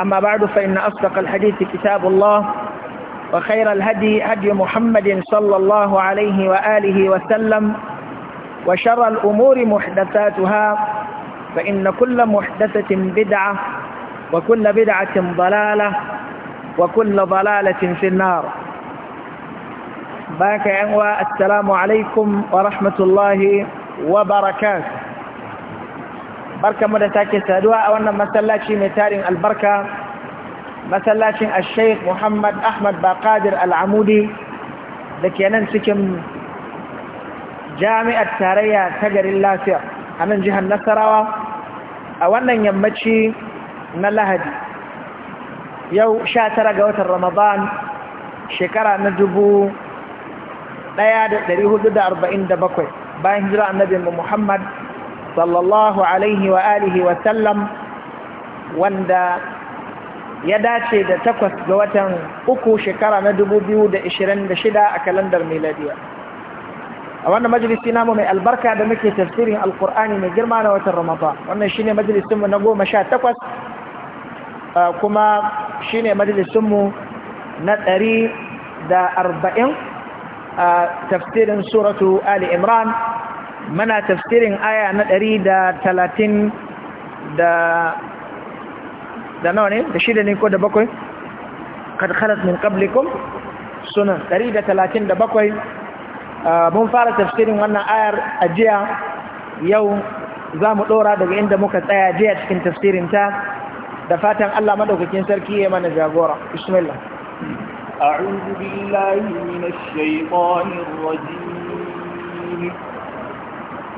أما بعد فإن أصدق الحديث كتاب الله وخير الهدي هدي محمد صلى الله عليه وآله وسلم وشر الأمور محدثاتها فإن كل محدثة بدعة وكل بدعة ضلالة وكل ضلالة في النار باك أنواء السلام عليكم ورحمة الله وبركاته barkamu da take saduwa a wannan masallaci mai tarin albarka masallacin al-sheikh muhammad ahmad bakadir al-amudi da ke nan cikin jami'ar tarayya ta garin lafiya a nan jihar nasarawa a wannan yammaci na lahadi yau sha tara ga watan ramadan shekara na dubu ɗaya da ɗari hudu arba'in bakwai bayan hijira annabi muhammad sallallahu alaihi wa alihi wa sallam wanda ya dace da takwas ga watan uku shekara na da shida a kalandar miladiya a wannan majalisi namu mai albarka da muke tafsirin alkur'ani mai girma na watan ramadan wannan shine majalisinmu na goma sha takwas kuma shine majalisinmu na ɗari da arba'in a tafsirin suratu ali imran mana tafsirin aya na ɗari da talatin da da nawa ne da shida ne ko da bakwai kad khalat min qablikum sunan ɗari da talatin da bakwai ah, mun fara tafsirin wannan ayar a jiya yau za mu ɗora daga inda muka tsaya jiya cikin tafsirin ta da fatan Allah madaukakin sarki ya mana jagora bismillah أعوذ بالله من الشيطان الرجيم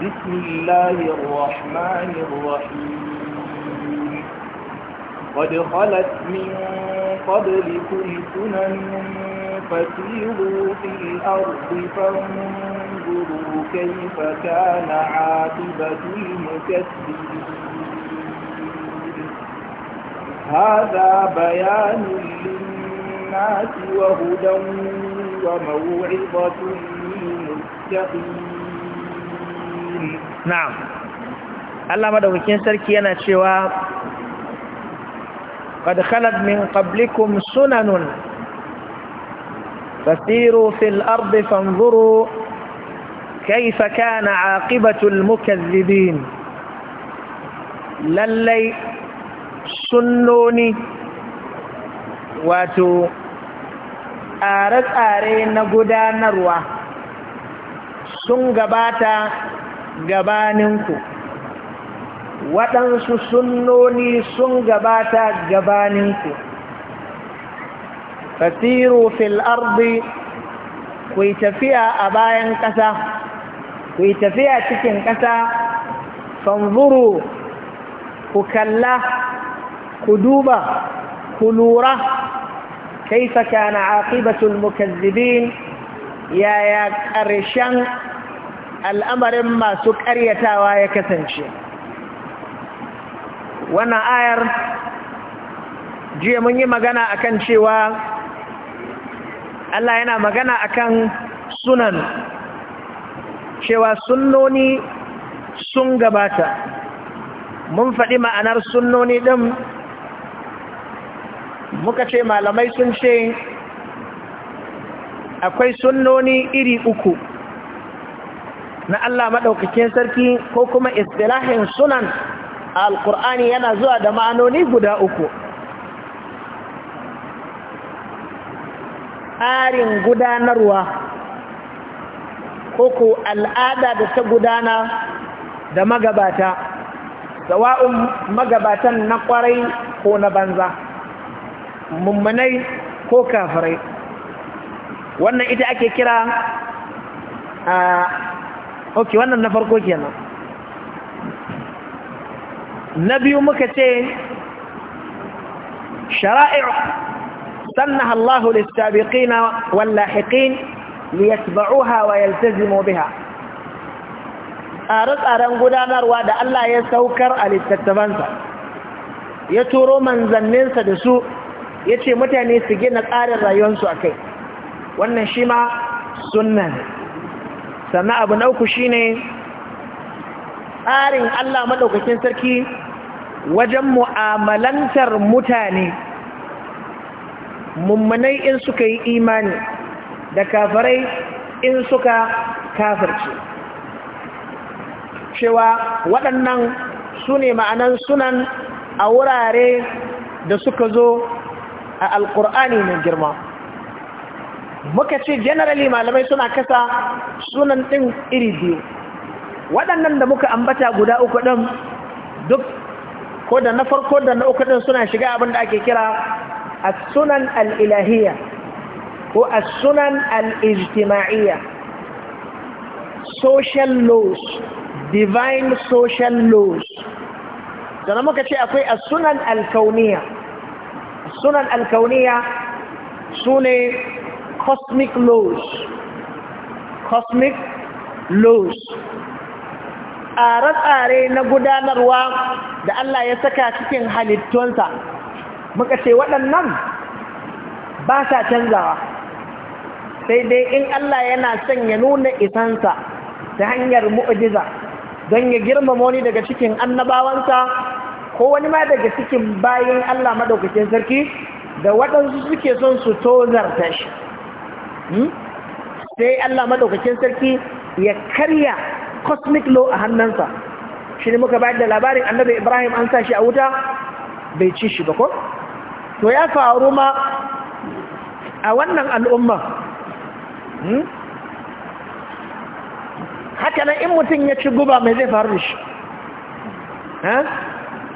بسم الله الرحمن الرحيم قد خلت من قبلكم سنن فسيروا في الأرض فانظروا كيف كان عاقبة المكذبين هذا بيان للناس وهدى وموعظة للمتقين na'am Allah madaukakin sarki yana cewa qad khalat min qablikum sunanun fasiru fil ardi fanzuru kayfa kana aqibatu al mukaththibin lallai sunnoni wato tsare-tsare na gudanarwa sun gabata gabaninku waɗansu sunnoni sun gabata gabaninku fasiru fil ardi ku yi tafiya a bayan ƙasa ku yi tafiya cikin ƙasa fanzuru ku kalla ku duba ku lura kaifa kana aqibatul mukazzibin yaya ƙarshen al'amarin masu ƙaryatawa ya kasance wannan ayar jiya mun yi magana akan cewa Allah yana magana akan sunan cewa sunnoni sun gabata mun faɗi ma'anar sunnoni ɗin muka ce malamai sun ce akwai sunnoni iri uku na Allah maɗaukakin sarki ko kuma istilahin sunan alkur'ani yana zuwa da ma'anoni guda uku tsarin gudanarwa ko ku al'ada da ta gudana da magabata sawa'un magabatan na kwarai ko na banza mummunai ko kafirai wannan ita ake kira a ok wannan na farko kenan na biyu muka ce shara'i sannan Allahu lis-sabiqina wal-lahiqin hawa wa yaltazimu biha tsare-tsaren gudanarwa da Allah ya saukar a littattafansa ya turo manzanninsa da su ya ce mutane su gina tsarin rayuwarsu a kai wannan shi ma sunna ne sannan abu na uku shine tsarin Allah maɗaukakin sarki wajen mu'amalantar mutane mummunai in suka yi imani da kafarai in suka kafarci cewa waɗannan su ne ma'anan sunan a wurare da suka zo a alƙur'ani mai girma muka ce generally malamai suna kasa sunan ɗin iri biyu waɗannan da muka ambata guda uku ɗin duk ko da na farko da na uku ɗin suna shiga abin da ake kira a sunan al'ilahiyya ko a sunan al'ijtima'iyya social laws divine social laws sana muka ce akwai a sunan alkauniya sunan alkauniya su ne cosmic laws cosmic laws tsare-tsare na gudanarwa da Allah ya saka cikin halittunsa muka ce waɗannan ba sa canzawa sai dai in Allah yana son ya nuna isansa ta hanyar mu'ujiza don ya girmama wani daga cikin annabawansa ko wani ma daga cikin bayan Allah maɗaukacin sarki da waɗansu suke son su tozar shi Hmm? sai Allah madaukakin sarki ya karya cosmic law a hannunsa shi ne muka bayar da labarin annabi Ibrahim an sa shi a wuta bai ci shi ba ko to ya faru ma a wannan al'umma hmm? haka nan in mutum ya ci guba mai zai faru shi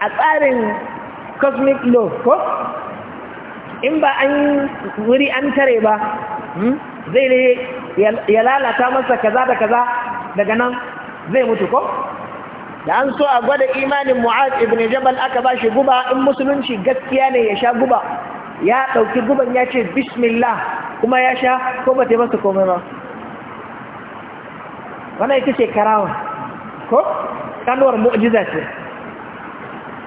a tsarin cosmic law ko in ba an wuri an tare ba Hmm? zai ne ya lalata masa kaza da kaza daga nan zai mutu ko da an so a gwada imanin mu'ad ibn jabal aka ba shi guba in musulunci gaskiya ne ya sha guba ya ɗauki guban ya ce bismillah kuma ya sha ko ba ta masa komai ba wannan ita ce karawa ko kanuwar mu'jiza ce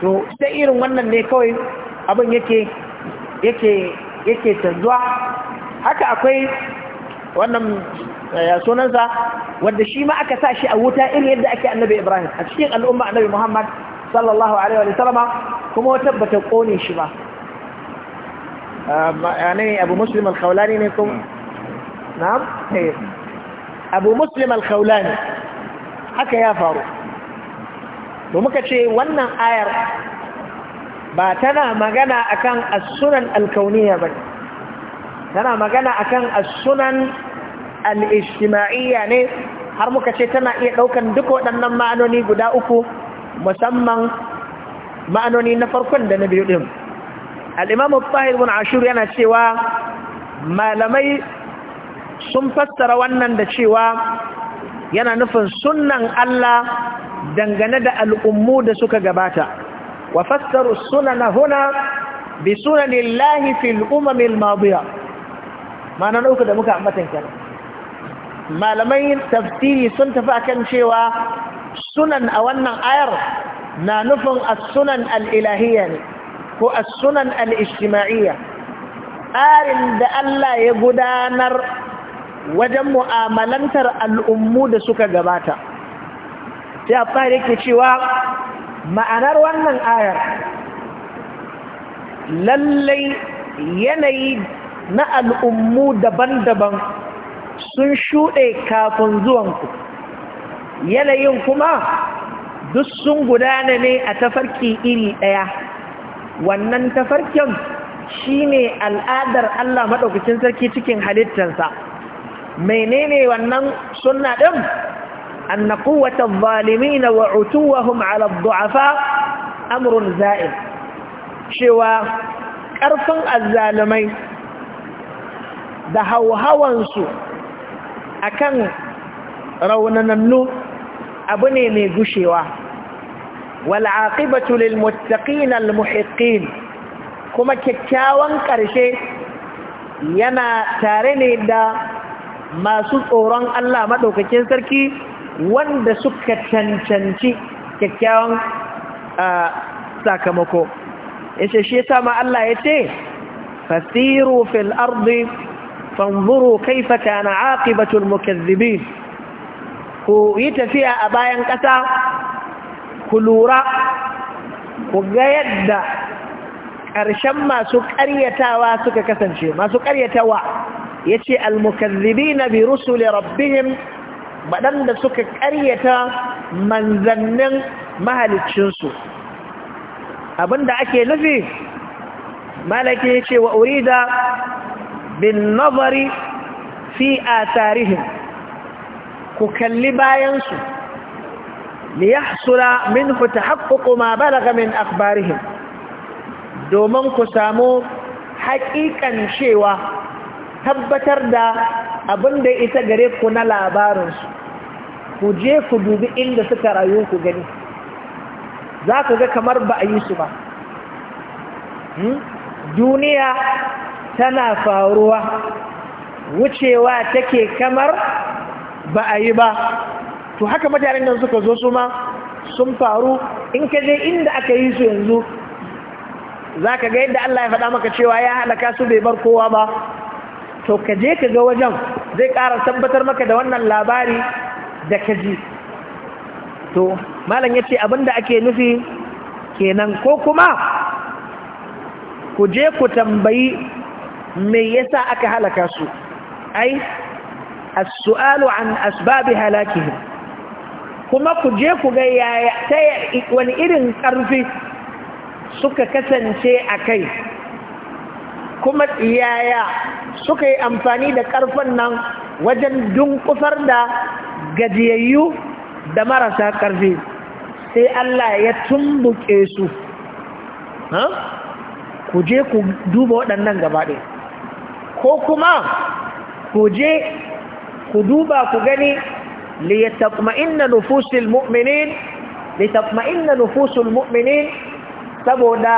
to sai irin wannan ne kawai abin yake yake yake canzuwa haka akwai wannan eh, ya sunansa wanda shi ma aka sa shi a wuta irin yadda ake annabi ibrahim a cikin al'umma annabi muhammad sallallahu alaihi wa sallama kuma wata bata kone shi ba yani eh, abu muslim al-khawlani ne kuma na'am eh. abu muslim al-khawlani haka ya faru to muka ce wannan ayar ba tana magana akan as-sunan al-kauniyya bane tana magana akan as-sunan al ne har muka ce tana iya ɗaukan duk waɗannan ma'anoni guda uku musamman ma'anoni na farkon da na biyu ɗin. al-imam al ashur yana cewa malamai sun fassara wannan da cewa yana nufin sunnan Allah dangane da al'ummu da suka gabata wa fassaru sunana huna bi sunanillahi fil umamil madiya ma'ana uku da muka ambatan kenan malamai tafsiri sun tafi akan cewa sunan a wannan ayar na nufin as-sunan al-ilahiyya ne ko as-sunan al-ijtima'iyya tsarin da Allah ya gudanar wajen mu'amalantar al'ummu da suka gabata sai a yake cewa ma'anar wannan ayar lallai yanayi na al'ummu daban-daban sun shuɗe kafin zuwanku yanayin kuma duk sun gudana ne a tafarki iri ɗaya wannan tafarkin shine al'adar Allah maɗaukacin sarki cikin halittarsa menene wannan sunna ɗin an na kuwata zalimina wa utuwahum ala du'afa Amurin za'in cewa ƙarfin azzalumai da hauhawansu a kan raunanannu abu ne mai gushewa wal'aƙibatu lilmuttaƙin lmuhiƙin. kuma kyakkyawan ƙarshe yana tare ne da masu tsoron Allah maɗaukakin sarki wanda suka cancanci kyakkyawan sakamako. Ishe shi sama Allah ya ce, Fasiru fil ardi fanzuru kaifa kana aqibatul mukazzibin ku yi tafiya a bayan ƙasa ku lura ku ga yadda ƙarshen masu ƙaryatawa suka kasance masu ƙaryatawa yace na bi rusuli rabbihim waɗanda suka ƙaryata manzannin mahaliccinsu abinda ake nufi malaki yace wa urida bin nazari fi tarihin ku kalli bayansu liyahsula haƙƙo kuma ba balagha min akhbarihim domin ku samu haƙiƙan cewa tabbatar da abin da ita gare ku na labarinsu ku je ku dubi inda suka rayu ku gani za ku ga kamar ba a yi su ba hmm? duniya tana faruwa wucewa take kamar ba a yi ba to haka mutanen nan suka zo su ma sun faru in ka je inda aka yi su yanzu za ka ga yadda Allah ya faɗa maka cewa ya halaka su bai bar kowa ba to ka je ka ga wajen zai ƙara tabbatar maka da wannan labari da ka ji to malam ya ce abinda ake nufi kenan ko kuma ku je ku tambayi Mai yasa aka halaka su ai as-su'alu an asbabi halakihim kuma ku je ku ga yaya ta wani irin karfi suka kasance a kai kuma yaya suka yi amfani da karfin nan wajen dunkufar da gajiyayyu da marasa karfi sai Allah ya tumbuke su ku je ku duba waɗannan gabaɗaya ko kuma ku je ku duba ku gani liyatma'inna nufusul mu'minin liyatma'inna nufusul mu'minin saboda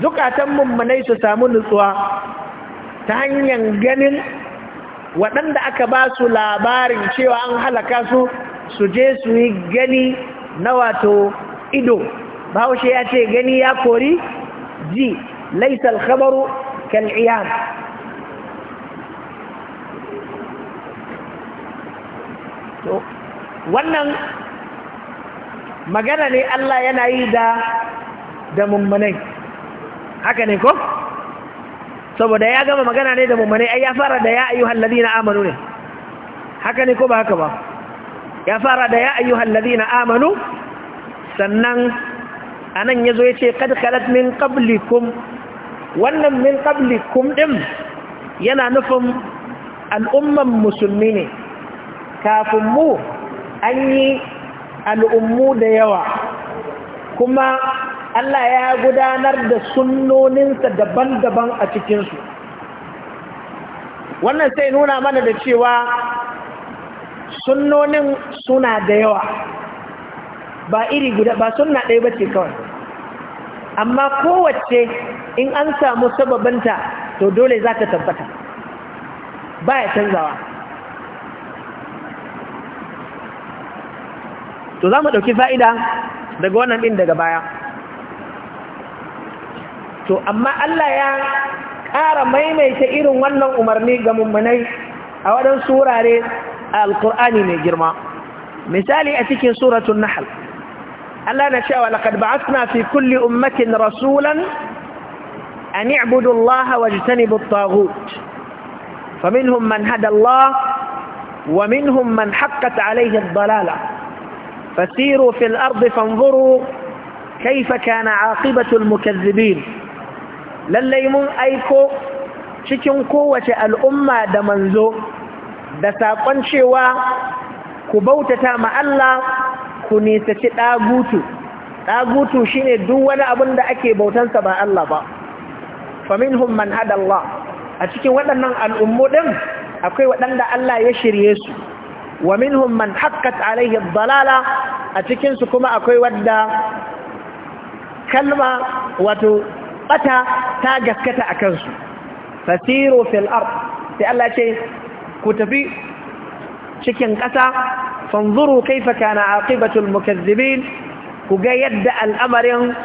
zukatan mummunai su samu nutsuwa ta hanyar ganin waɗanda aka ba su labarin cewa an halaka su su je su yi gani na wato ido bahaushe ya ce gani ya kori ji laisal khabaru kal'iyam to wannan magana ne Allah yana yi da da mummunai haka ne ko saboda ya gama magana ne da mummunai ai ya fara da ya ayyuhal ladina amanu ne haka ne ko ba haka ba ya fara da ya ayyuhal ladina amanu sannan anan yazo yace kad khalat min qablikum wannan min qablikum din yana nufin al'umman musulmi ne kafin mu an yi al'ummu da yawa kuma Allah ya gudanar da sunnoninsa daban-daban a cikinsu wannan sai nuna mana da cewa sunnonin suna da yawa ba iri guda ba suna ɗaya ba ce kawai amma kowace in an samu sababinta to dole za ka tabbata ba ya canzawa to zamu dauki fa'ida daga wannan din daga baya to amma Allah ya ƙara maimaita irin wannan umarni ga mummunai a wadan surare alqur'ani alƙur'ani mai girma misali a cikin suratul nahl Allah na cewa laqad ba'athna fi kulli ummatin rasulan an i'budu Allah wajtanibu at-taghut فمنهم من هدى الله ومنهم من حقت عليه الضلاله فسيروا في الأرض فانظروا كيف كان عاقبة المكذبين للي من أيكو cikin kowace al'umma da manzo da saƙon cewa ku bautata ma Allah ku nisaci ɗagutu ɗagutu shine duk wani abun da ake bautansa ba Allah ba faminhum man hada Allah a cikin waɗannan al'ummu ɗin akwai waɗanda Allah ya shirye su wa minhum man haqqat alaihi dalala a cikin su kuma akwai wadda kalma wato bata ta gaskata a kansu fasiru fil ard sai Allah ce ku tafi cikin ƙasa fanzuru kaifa kana aqibatul mukazzibin ku ga yadda al'amarin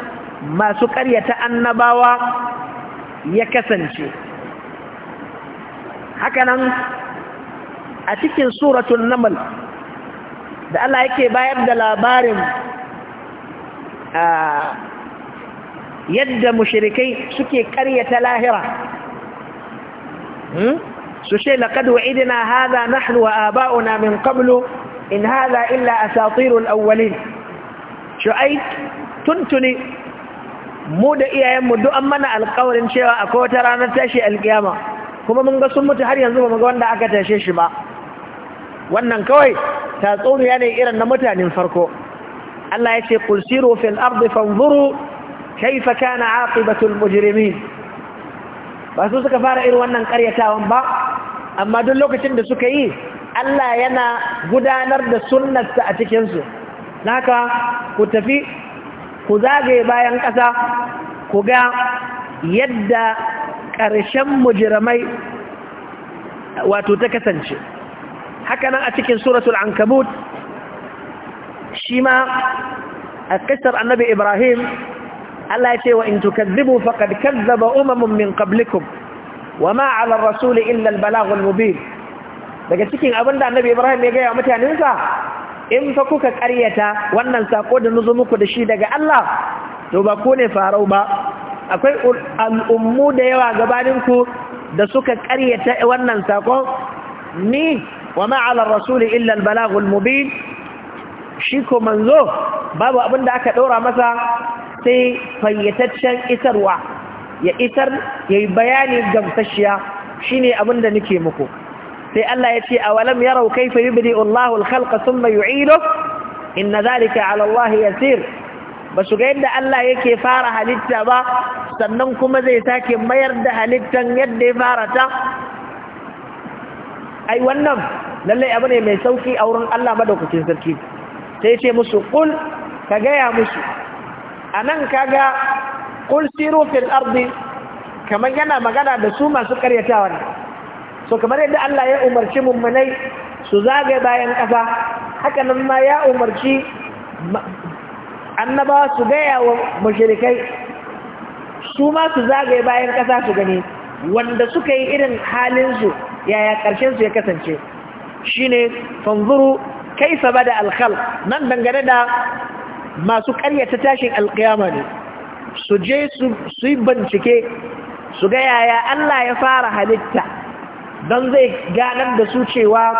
masu ƙaryata annabawa ya kasance hakanan a cikin suratun namal da Allah yake bayar da labarin yadda mushirikai suke karyata lahira hmm? su ce idina wa'idina haza nahnu wa aba'una min qablu in haza illa asatirul awwalin shu'ai tuntuni mu da iyayenmu duk an mana alƙawarin cewa akwai wata ranar tashi alƙiyama kuma mun ga sun mutu har yanzu ba mu ga wanda aka tashe shi ba wannan kawai tatsuniya ne irin na mutanen farko Allah ya ce qul siru fil ardi fanzuru kayfa kana aqibatu al mujrimin ba su suka fara irin wannan karyatawan ba amma duk lokacin da suka yi Allah yana gudanar da sunnarsa a cikin su naka ku tafi ku zagaye bayan ƙasa ku ga yadda ƙarshen mujirmai wato ta kasance haka nan a cikin suratul ankabut shi ma a kasar annabi ibrahim Allah ya ce wa in tukazzibu faqad kazzaba umamun min qablikum wama ala rasul illa al balagh mubin daga cikin abinda annabi ibrahim ya gaya mutanensa in fa kuka karyata wannan sako da nuzo muku da shi daga Allah to ba ku ne farau ba akwai al'ummu da yawa gabaninku da suka karyata wannan sako ni wa ma'alar rasuli illal balagul mubin shi ko manzo babu abin da aka ɗora masa sai fayyataccen isarwa ya isar ya bayani gamsashiya shi ne abin da nake muku sai Allah ya ce a walam ya rau kai fayi bidi Allahul khalqa sun mai yu'ido in na zalika alallahi yasir ba su ga yadda Allah yake fara halitta ba sannan kuma zai sake mayar da halittan yadda ya fara ta ai wannan lallai abu ne mai sauki a wurin Allah madaukakin sarki sai ce musu kul ka gaya musu anan kaga kul siru fil ardi kamar yana magana da su masu karyatawa ne so kamar yadda Allah ya umarci mummunai su zagaye bayan ƙasa haka nan ma ya umarci annaba su gaya wa mashirikai su ma su zagaye bayan ƙasa su gani wanda suka yi irin halinsu yaya ƙarshen su ya kasance shine fanzuru saba da alkhal nan dangane da masu ƙaryata tashin alƙiyama ne su je su yi bincike su ga yaya Allah ya fara halitta don zai ganar da su cewa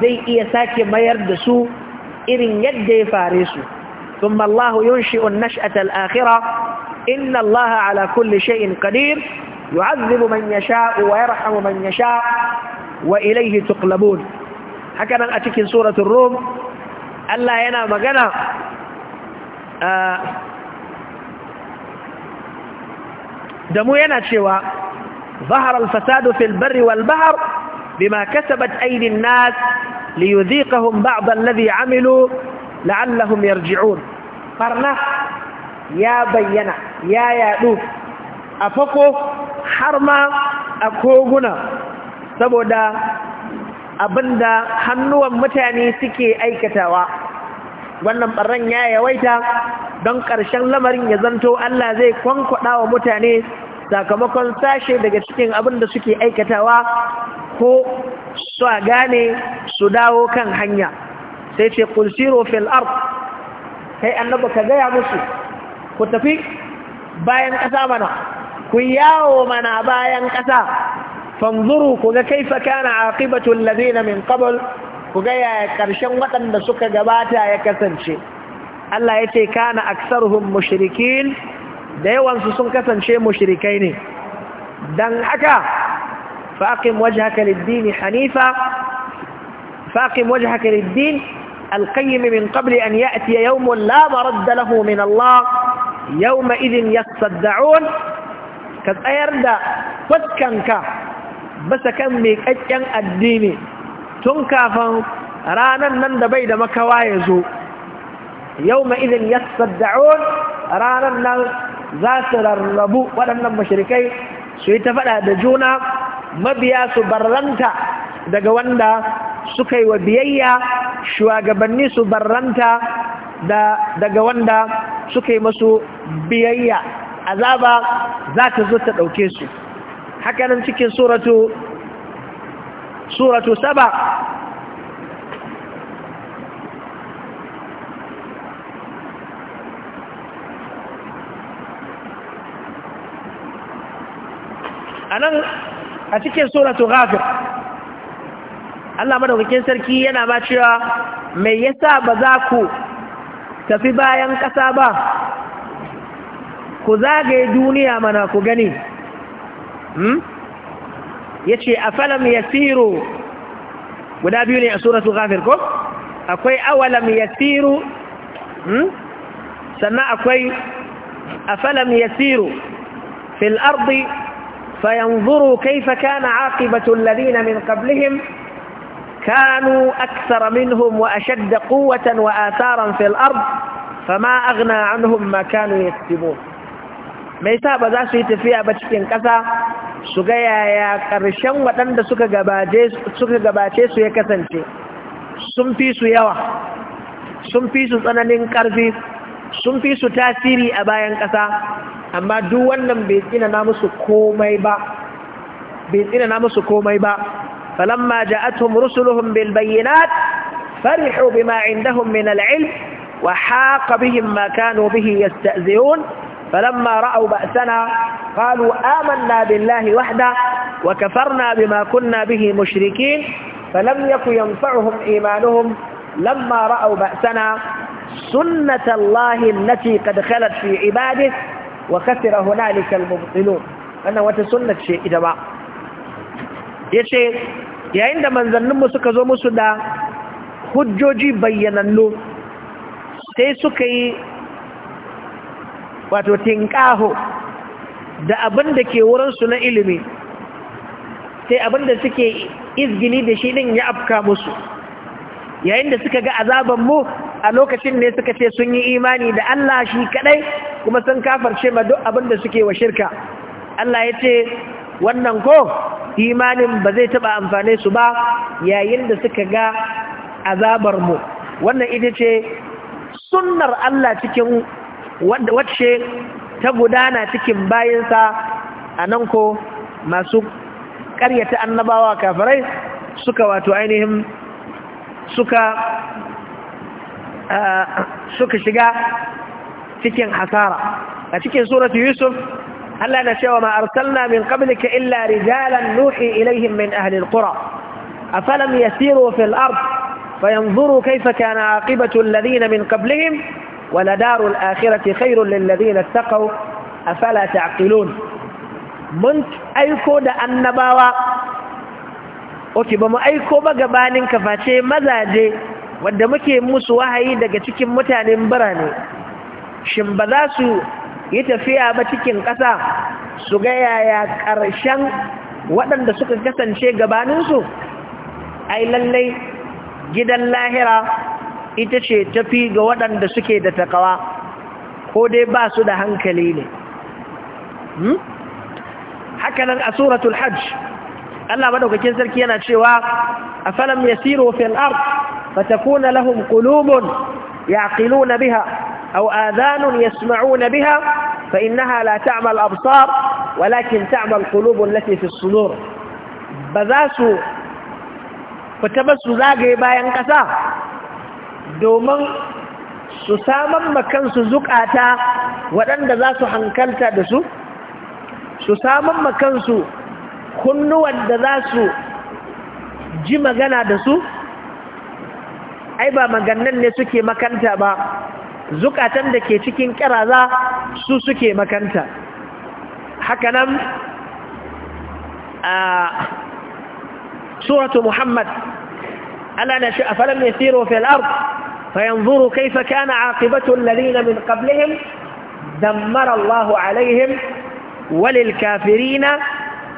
zai iya sake mayar da su irin yadda ya fare su ثم الله ينشئ النشأة الآخرة إن الله على كل شيء قدير يعذب من يشاء ويرحم من يشاء وإليه تقلبون حكنا haka سورة الروم ألا suratul rum دمو yana شوى ظهر الفساد في البر والبحر بما كسبت أيدي الناس ليذيقهم بعض الذي عملوا لعلهم يرجعون فرنا يا بينا يا يا دوف أفقه حرما أكوغنا saboda abinda hannuwan mutane suke aikatawa wannan barran ya yawaita don ƙarshen lamarin ya zanto Allah zai kwankwaɗa wa mutane sakamakon sashe daga cikin abin da suke aikatawa ko su gane su dawo kan hanya sai ce kulsiro fil ard kai annaba ka gaya musu ku tafi bayan ƙasa mana ku yawo mana bayan ƙasa فانظروا كيف كان عاقبة الذين من قبل كجاي كرشن وطن دسوك جباتا يا كسنشي الله يتي كان أكثرهم مشركين ديوان سسون كسنشي مشركين دن حكا فأقم وجهك للدين حنيفا فأقم وجهك للدين القيم من قبل أن يأتي يوم لا مرد له من الله يومئذ يصدعون كذ أيرد فتكنك فتكنك basa kan mai ƙaƙƙen addini tun kafin ranar nan da bai da makawa ya zo yau ma izin ya sadda'un ranar nan za su rarrabu waɗannan mashirikai su yi ta faɗa da juna mabiya su barranta daga wanda suka yi wa biyayya shugabanni su barranta daga wanda suka yi masu biyayya azaba za ta zo ta ɗauke su haka nan cikin suratu suratu saba anan a cikin suratu ghafir Allah madaukakin sarki yana ba cewa mai yasa ba za ku tafi bayan ƙasa ba ku zagaye duniya mana ku gani ya ce a falam ya siru guda biyu ne a suratu ghafir ko akwai awalam ya siru sannan akwai a falam ya siru fil ardi فينظروا كيف كان عاقبة الذين من قبلهم كانوا أكثر منهم وأشد قوة وآثارا في الأرض فما أغنى عنهم ما كانوا يكسبون mai sa ba za su yi tafiya ba cikin ƙasa su ga yaya ƙarshen waɗanda suka gabace su ya kasance sun fi su yawa sun fi su tsananin ƙarfi sun fi su tasiri a bayan ƙasa amma duk wannan bai na musu komai ba bai tsinana musu komai ba falamma ja'atuhum rusuluhum bil bayyinat farihu bima indahum min al-ilm wa haqa bihim ma bihin bihi فلما رأوا بأسنا قالوا آمنا بالله وحده وكفرنا بما كنا به مشركين فلم يك ينفعهم إيمانهم لما رأوا بأسنا سنة الله التي قد خلت في عباده وخسر هنالك المبطلون أنا وتسنة شيء إذا ما يشي يا عند من ذنب سكزو مسدا hujjoji bayyanannu sai suka wato tinkaho da abin da ke wurinsu na ilimi sai abin da suke izgini da shi din ya afka musu yayin da suka ga azaban mu a lokacin ne suka ce sun yi imani da Allah shi kadai kuma sun kafarce ma duk abin da suke wa shirka Allah ya ce wannan ko imanin ba zai taba amfane su ba yayin da suka ga azabar mu wannan ita ce sunnar Allah cikin wacce ta gudana cikin bayansa a nan ko masu ƙaryata annabawa kafirai suka wato ainihin suka suka shiga cikin hasara a cikin suratu yusuf Allah na cewa ma arsalna min qablika illa rijalan nuhi ilaihim min ahli alqura afalam yasiru fil ard fayanzuru kayfa kana aqibatu alladhina min qablihim ولدار الآخرة خير للذين اتقوا أفلا تعقلون mun aiko da annabawa oke ba mu aiko ba gabanin kaface mazaje wadda muke musu wahayi daga cikin mutanen birane shin ba za su yi tafiya ba cikin ƙasa su ga yaya ƙarshen waɗanda suka kasance gabaninsu ai lallai gidan lahira ita ce tafi ga waɗanda suke da takawa ko dai ba su da hankali ne hakanan a suratul hajj Allah madaukakin sarki yana cewa afalam yasiru fil ard fatakuna lahum qulubun yaqiluna biha aw adhanun yasma'una biha fa innaha la ta'mal absar walakin ta'mal qulub allati fi as-sudur bazasu fitaba su zagaye bayan kasa domin su saman kansu zukata waɗanda za su hankalta da su su saman makansu kunnuwan da za su ji magana da su ai ba maganan ne suke makanta ba zukatan da ke cikin ƙiraza su suke makanta hakanan a suratu muhammad ألا فلم يسيروا في الأرض فينظروا كيف كان عاقبة الذين من قبلهم دمر الله عليهم وللكافرين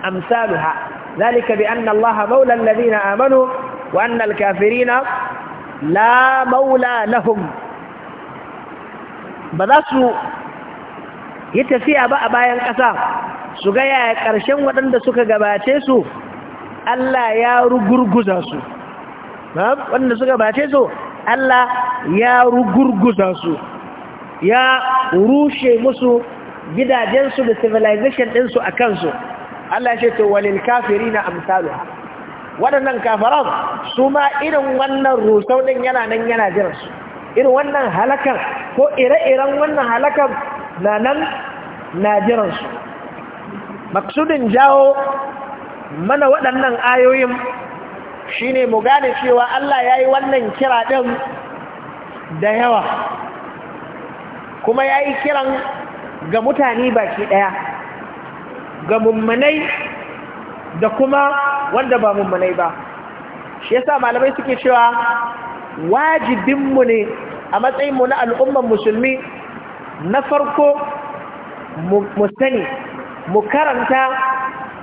أمثالها ذلك بأن الله مولى الذين آمنوا وأن الكافرين لا مولى لهم ba za su yi tafiya ba كرشم ودند سكا su ألا يارو قرقزاسو wanda suka bace su Allah ya rugurguza su ya rushe musu gidajensu da civilization ɗinsu a kansu Allah ce to walil kafiri na amsalu waɗannan kafaran su ma irin wannan rusau ɗin yana nan yana jiransu irin wannan halakar ko ire-iren wannan halakar na nan na jiransu maksudin jawo mana waɗannan ayoyin shine mu gane cewa Allah ya yi wannan kira ɗin da yawa kuma ya yi kiran ga mutane baki ɗaya ga mummanai da kuma wanda ba mummanai ba shi yasa malamai suke cewa wajibinmu ne a matsayinmu na al'ummar musulmi na farko mu sani mu karanta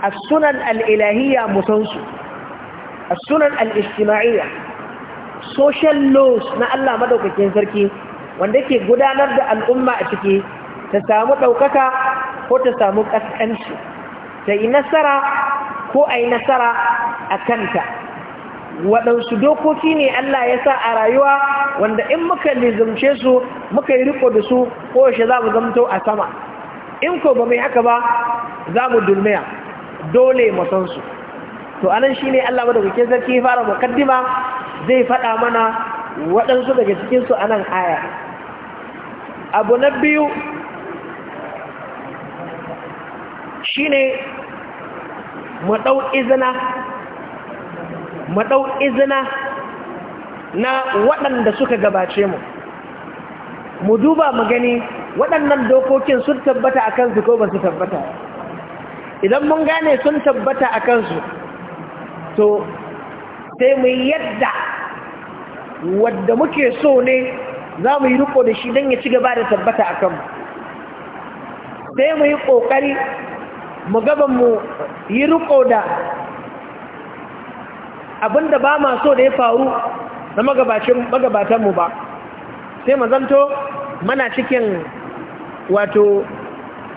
a sunan al'ilahiyya musansu sunan al-ijtima'iyya social laws na Allah madaukakin sarki wanda ke gudanar da al'umma a ciki ta samu ɗaukaka ko ta samu ƙasƙanci ta yi nasara ko a yi nasara a kanta waɗansu dokoki ne Allah ya sa a rayuwa wanda in muka nizamce su muka yi riko da su ko yaushe za mu zamto a sama in ko ba mai haka ba za mu dulmiya dole masansu san su to anan shi ne Allah madaukakin sarki ya fara mukaddima zai faɗa mana waɗansu daga cikinsu a anan aya abu na biyu shine ne maɗau izina na waɗanda suka gabace mu mu duba mu gani waɗannan dokokin sun tabbata a kansu ko ba su tabbata idan mun gane sun tabbata a kansu to sai mu yadda wadda muke so ne za mu yi riko da shi don ya ci gaba da tabbata a kanmu sai mu yi ƙoƙari mu gaban mu yi riko da abinda ba ma so da ya faru na magabatanmu ba sai mu zanto mana cikin wato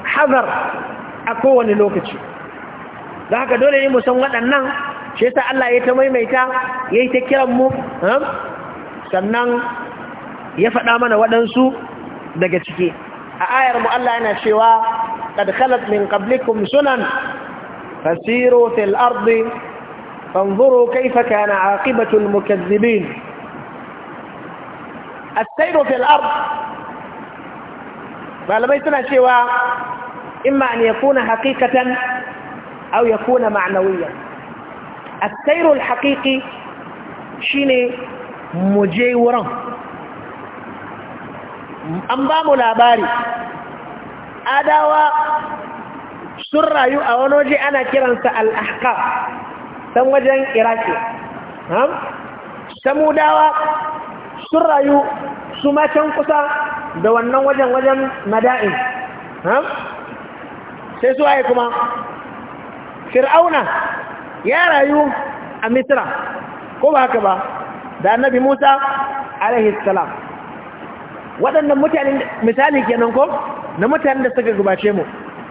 hazar a kowane lokaci da haka dole ne mu san waɗannan shi yasa Allah ya ta maimaita yayi ta kiran mu sannan ya faɗa mana waɗansu daga ciki a ayar mu Allah yana cewa qad khalat min qablikum sunan fasiru fil ardi fanzuru فانظروا كيف كان عاقبة المكذبين السير fil الأرض malamai suna cewa imma an yakuna haqiqatan aw yakuna ma'nawiyan asairul haƙiƙi shi ne muje wurin an ba mu labari adawa sun rayu a wani waje ana kiransa al'ahka don wajen iraki samudawa sun rayu su macen kusa da wannan wajen wajen mada'in sai su waye kuma fir'auna ya rayu a Misira, ko ba haka ba da annabi musa alaihi salam waɗannan mutanen misali kenan ko na mutanen da suka gubace mu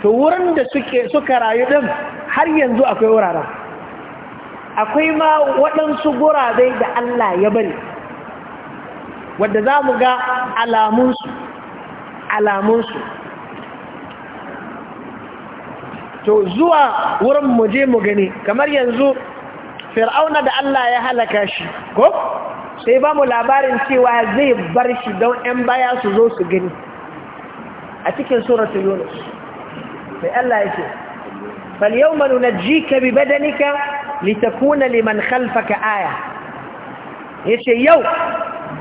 to wurin da suke suka rayu ɗin har yanzu akwai wuraren akwai ma waɗansu gurabe da Allah ya bari wadda za mu ga alamunsu alamunsu to zuwa wurin mu je mu gani kamar yanzu fir'auna da Allah ya halaka shi ko sai ba mu labarin cewa zai bar shi don 'yan baya su zo su gani a cikin suratu yunus sai Allah ya ce فاليوم ننجيك ببدنك na liman خلفك aya yace yau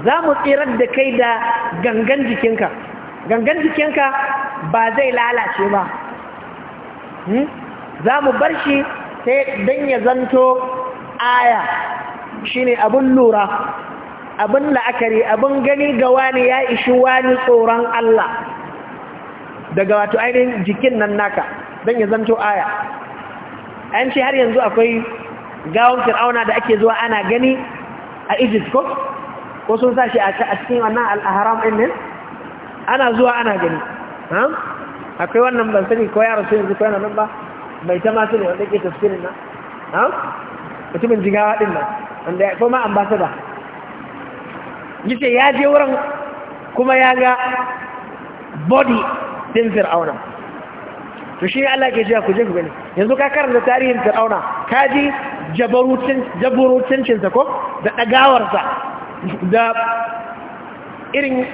za mu tsirar da kai da gangan jikinka gangan jikinka ba zai lalace ba Hmm? za mu bar shi sai dan ya zanto aya shi ne abin lura abin la'akari abin gani ga wani ya ishi wani tsoron Allah daga wato ainihin jikin nan naka don ya zanto aya an ce har yanzu akwai gawon fir'auna da ake zuwa ana gani a egypt ko ko sun sa shi a cikin wannan al'aharam ɗin ana zuwa ana gani akwai wannan ban sani ko yaro sai yanzu ko yana nan ba mai ta masu ne wanda ke tafsirin nan ha mutumin jigawa din nan wanda ya koma ambasada yace ya je wurin kuma ya ga body din fir'auna to shi Allah ke jiya ku je ku gani yanzu ka karanta tarihin fir'auna ka ji cin ta ko da sa da irin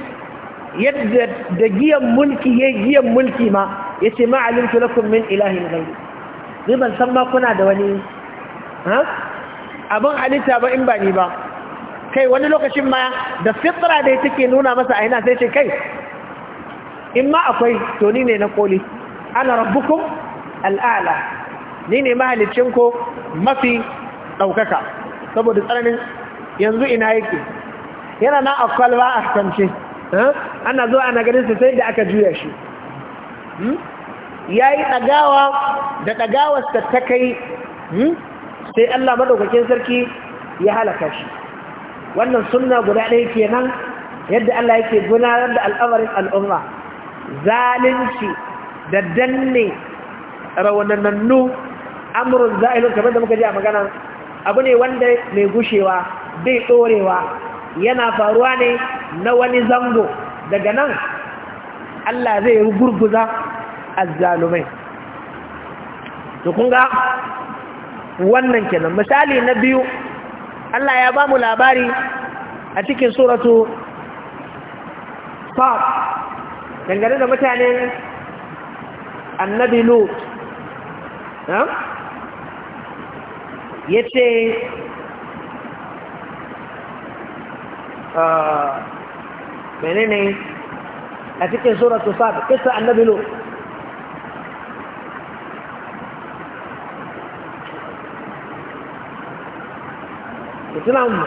yadda da giyan mulki ya giyan mulki ma ya ce ma'alin tulakun min ilahin gairi ban san ma kuna da wani abin halitta ba in ba ni ba kai wani lokacin ma da fitra da take nuna masa a yana sai ce kai in ma akwai to ni ne na koli ana rabbukum al'ala ni ne ko mafi ɗaukaka saboda tsananin yanzu ina yake yana na akwalwa a kwance Eh? ana zuwa ana ganin su sai da aka juya shi hmm? ya yi ɗagawa da ɗagawarsa ta kai hmm? sai Allah maɗaukakin sarki ya halaka shi wannan suna guda ɗaya kenan yadda Allah yake gudanar da al'amarin al'umma zalunci da danne raunanannu amurin za'ilun kamar da muka ji a magana abu ne wanda mai gushewa bai ɗorewa yana faruwa ne na wani zango daga nan Allah zai gurguza azzalumai to kunga wannan kenan misali na biyu Allah ya ba mu labari a cikin suratu fa dangane da mutane annabi Lut ya ce menene a cikin suratu sad kisa annabi lu islam mu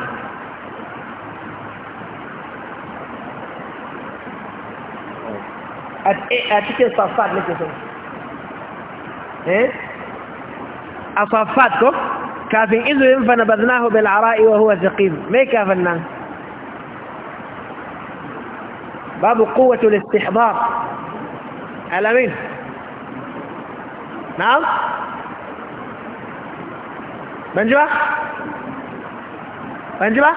a cikin safat nake so eh a safat ko kafin izu yin fa nabadnahu bil ara'i wa huwa zaqim me kafin nan باب قوة الاستحضار على مين نعم من جوا من جوا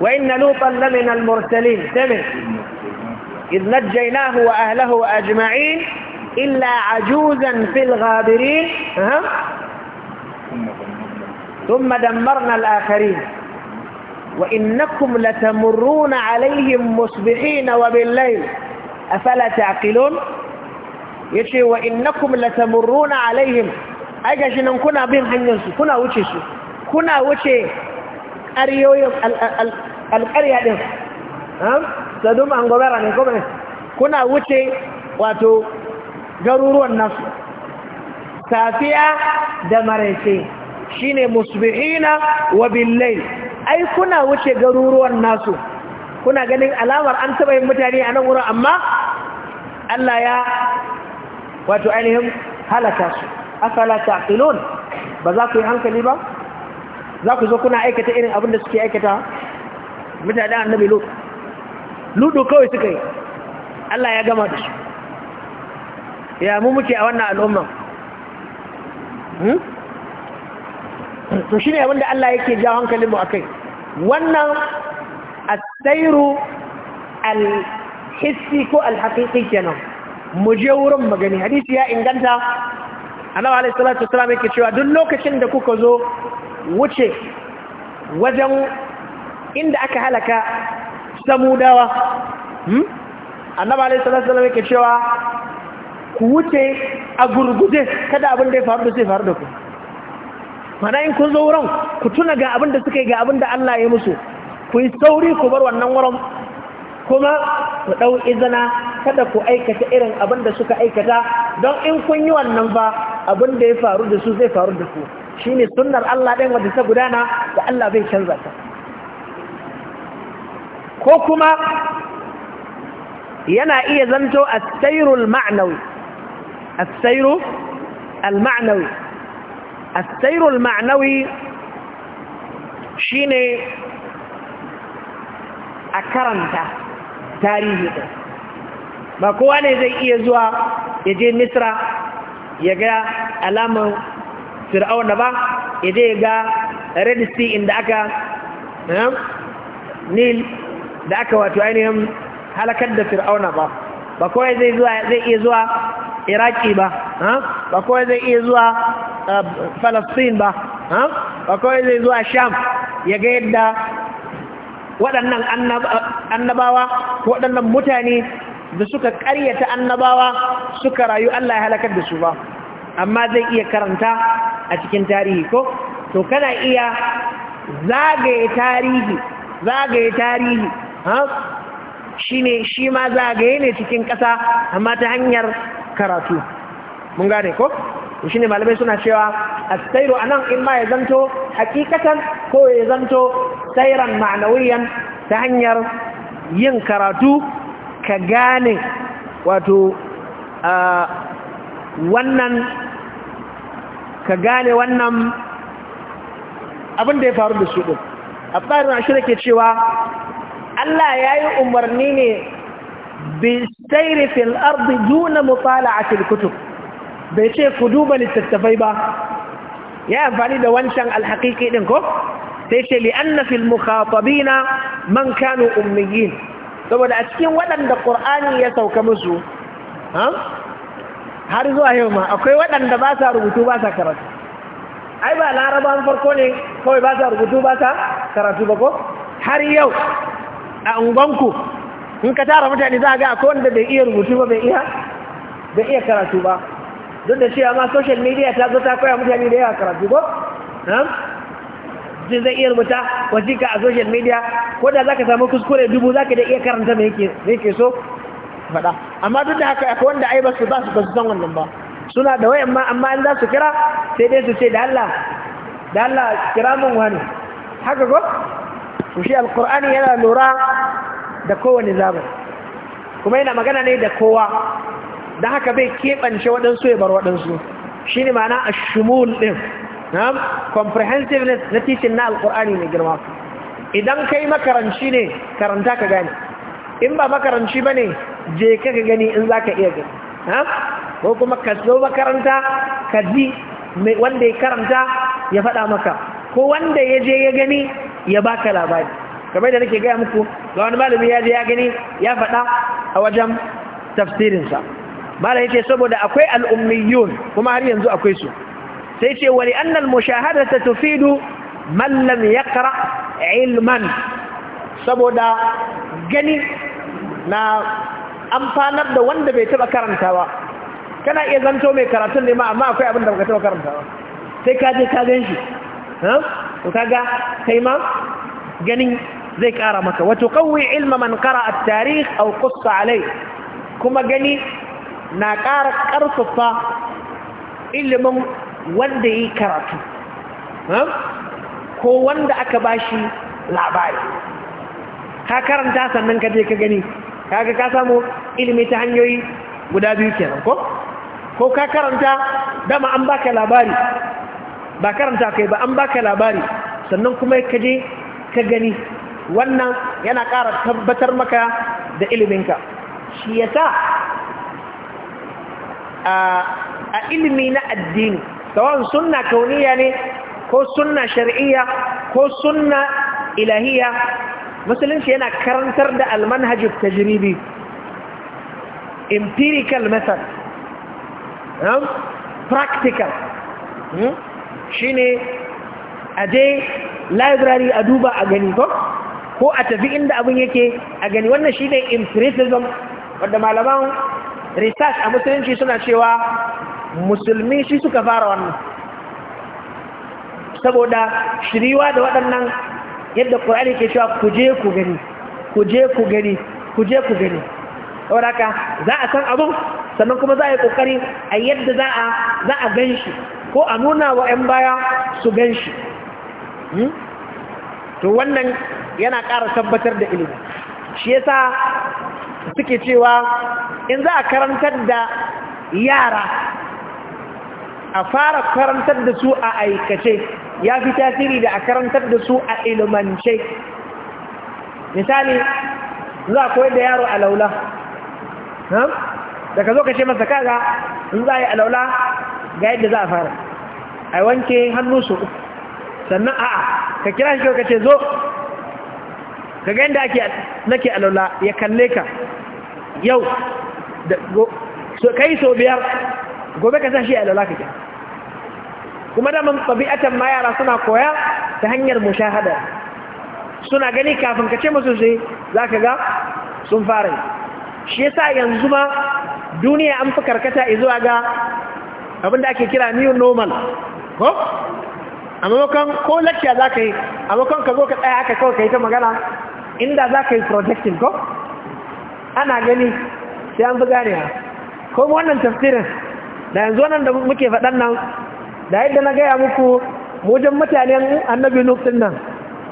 وإن لوطا لمن المرسلين سمع إذ نجيناه وأهله أجمعين إلا عجوزا في الغابرين أه. ثم دمرنا الآخرين وإنكم لتمرون عليهم مصبحين وبالليل أفلا تعقلون يشي وإنكم لتمرون عليهم أجا شنن كنا بهم حنينسو كنا وشيسو كنا وشي أريوي القرية دي سدوم أنغبرا نكم كنا وشي واتو جرورو النفس سافية دمريسي شين مصبحين وبالليل ai kuna wuce garuruwan nasu kuna ganin alamar an taɓa yin mutane a nan wurin amma Allah ya wato ainihin halaka su afala taqilun ba za ku yi hankali ba za ku zo kuna aikata irin abin da suke aikata mutane annabi lut ludu kawai suka yi Allah ya gama da su ya mu muke a wannan al'umma hmm? to shine abin da Allah yake jawo hankalin mu akai wannan asairu alhissi ko al-haqiqi kenan mu je wurin magani hadisi ya inganta annabi alaihi salatu wasallam yake cewa duk lokacin da kuka zo wuce wajen inda aka halaka samudawa hmm? annabi alaihi salatu wasallam yake cewa ku wuce a gurguje kada abin da ya faru da faru da ku mana in kun zo wurin ku tuna ga abin da suka yi ga abin da Allah ya musu ku yi sauri ku bar wannan wurin kuma ku ɗau izina kada ku aikata irin abin da suka aikata don in kun yi wannan ba abin da ya faru da su zai faru da ku shine sunnar Allah ɗin wadda ta gudana da Allah bai canza ta ko kuma yana iya zanto a tsairul ma'anawi a ma'anawi asairul ma'anawi shine a karanta tarihi ba kowa ne zai iya zuwa ya je misra alamun fir'auna ba ya yaga ga red sea inda aka eh, nil da aka wato ainihin halakar da fir'auna ba ba zai iya zuwa iraki ba ba kawai zai iya zuwa falastin uh, ba ba kawai zai zuwa sham ya ga yadda waɗannan annabawa waɗannan mutane da suka ƙaryata annabawa suka rayu Allah ya halakar da su ba amma zai iya karanta a cikin tarihi ko to kana iya zagaye tarihi zagaye tarihi ha shi ne shi ma zagaye ne cikin ƙasa amma ta hanyar karatu mun gane ko shi ne malamai suna cewa a a nan in ma ya zanto hakikatan ko ya zanto sairan ma'anawiyan ta hanyar yin karatu ka gane wato wannan ka gane wannan abin ya faru da su ɗin a tsarin ashirar ke cewa Allah ya yi umarni ne bisairi fil ardi duna a kutub bai ce ku duba littattafai ba ya amfani da wancan alhaqiqi ɗin ko sai ce li anna fil mukhatabina man kanu ummiyin saboda a cikin waɗanda qur'ani ya sauka musu har zuwa yau ma akwai waɗanda ba sa rubutu ba sa karatu ai ba an farko ne kawai ba sa rubutu ba sa karatu ba ko har yau a ungonku in ka tara mutane za a ga akwai wanda bai iya rubutu ba bai iya bai iya karatu ba duk da cewa ma social media ta zo ta koya mutane da yawa karatu ko zai zai iya rubuta wasiƙa a social media ko da zaka samu kuskure dubu zaka da iya karanta me yake so faɗa amma duk da haka akwai wanda ai ba su ba su ba su san wannan ba suna da wayan ma amma an za su kira sai dai su ce da Allah da Allah kira mun wani haka ko to shi alqur'ani yana lura da kowane zamani kuma yana magana ne da kowa da haka bai keɓance waɗansu ya bar waɗansu shi ne mana a shumul ɗin comprehensiveness na titin na alƙur'ani mai girma idan kai makaranci ne karanta ka gane in ba makaranci ba ne je ka gani in za ka iya gani ko kuma ka zo makaranta ka ji wanda ya karanta ya faɗa maka ko wanda ya je ya gani ya baka labari kamar da nake gaya muku ga wani malami ya je ya gani ya faɗa a wajen tafsirinsa ya ce saboda akwai al'ummiyun kuma har yanzu akwai su sai ce wani annal mushahadata tufidu mallam ya yaqra ilman saboda gani na amfanar da wanda bai taɓa karantawa kana iya zanto mai karatun ne ma amma akwai abin da baka taɓa karantawa sai ka je ka gan shi ka ga kai ma ganin zai kara maka wato kawai ilma man kara a tarih au kusa alai kuma gani na kara karfafa ilimin wanda yi karatu ko wanda aka bashi labari ka karanta sannan ka je ka gani kaga ka samu ilimi ta hanyoyi guda biyu kenan ko ko ka karanta dama an baka labari ba karanta kai ba an baka labari sannan kuma ka je ka gani wannan yana ƙara tabbatar maka da iliminka shi ya sa a ilimi na addini tsawon sunna kauniya ne ko sunna shari'iyya ko sunna ilahiyya musulunci yana karantar da almanhajin tajiribi empirical method um, practical um, shi ne a je library a duba a gani ko ko a tafi inda abin yake a gani wannan shi ne empiricism wadda malaman research a musulunci suna cewa musulmi shi suka fara wannan saboda shiriwa da waɗannan yadda ƙwararri ke cewa ku je ku gani ku ku gani ku ku gani saboda za a san abin sannan kuma za a yi ƙoƙari a yadda za a gan shi ko a nuna wa 'yan baya su gan shi hmm? to wannan yana ƙara tabbatar da ilimi shi yasa suke cewa in za a karantar da yara a fara karantar da su a aikace ya fi tasiri da a karantar da su a ilimance misali za a koyar da yaro a laula da ka zo ka ce masa kaga in za a yi a laula ga yadda za a fara a wanke hannu su sannan a'a ka kira shi ka ce zo kaga yadda ake nake alaula ya kalle ka yau kai so biyar gobe ka sashi alwala kake kuma da tabi'atan ma yara suna koya ta hanyar mushahada suna gani kafin ka ce musu sai zaka ga sun fara shi yasa yanzu ma duniya an fi karkata zuwa ga abinda ake kira new normal ko a maimakon ko lakciya za ka yi a ka zo ka tsaya aka kawai ka yi ta magana inda za ka yi projectin ko ana gani sai an fi ganewa ko wannan tafsirin da yanzu wannan da muke faɗan nan da yadda na gaya muku mujan mutanen annabi nufin nan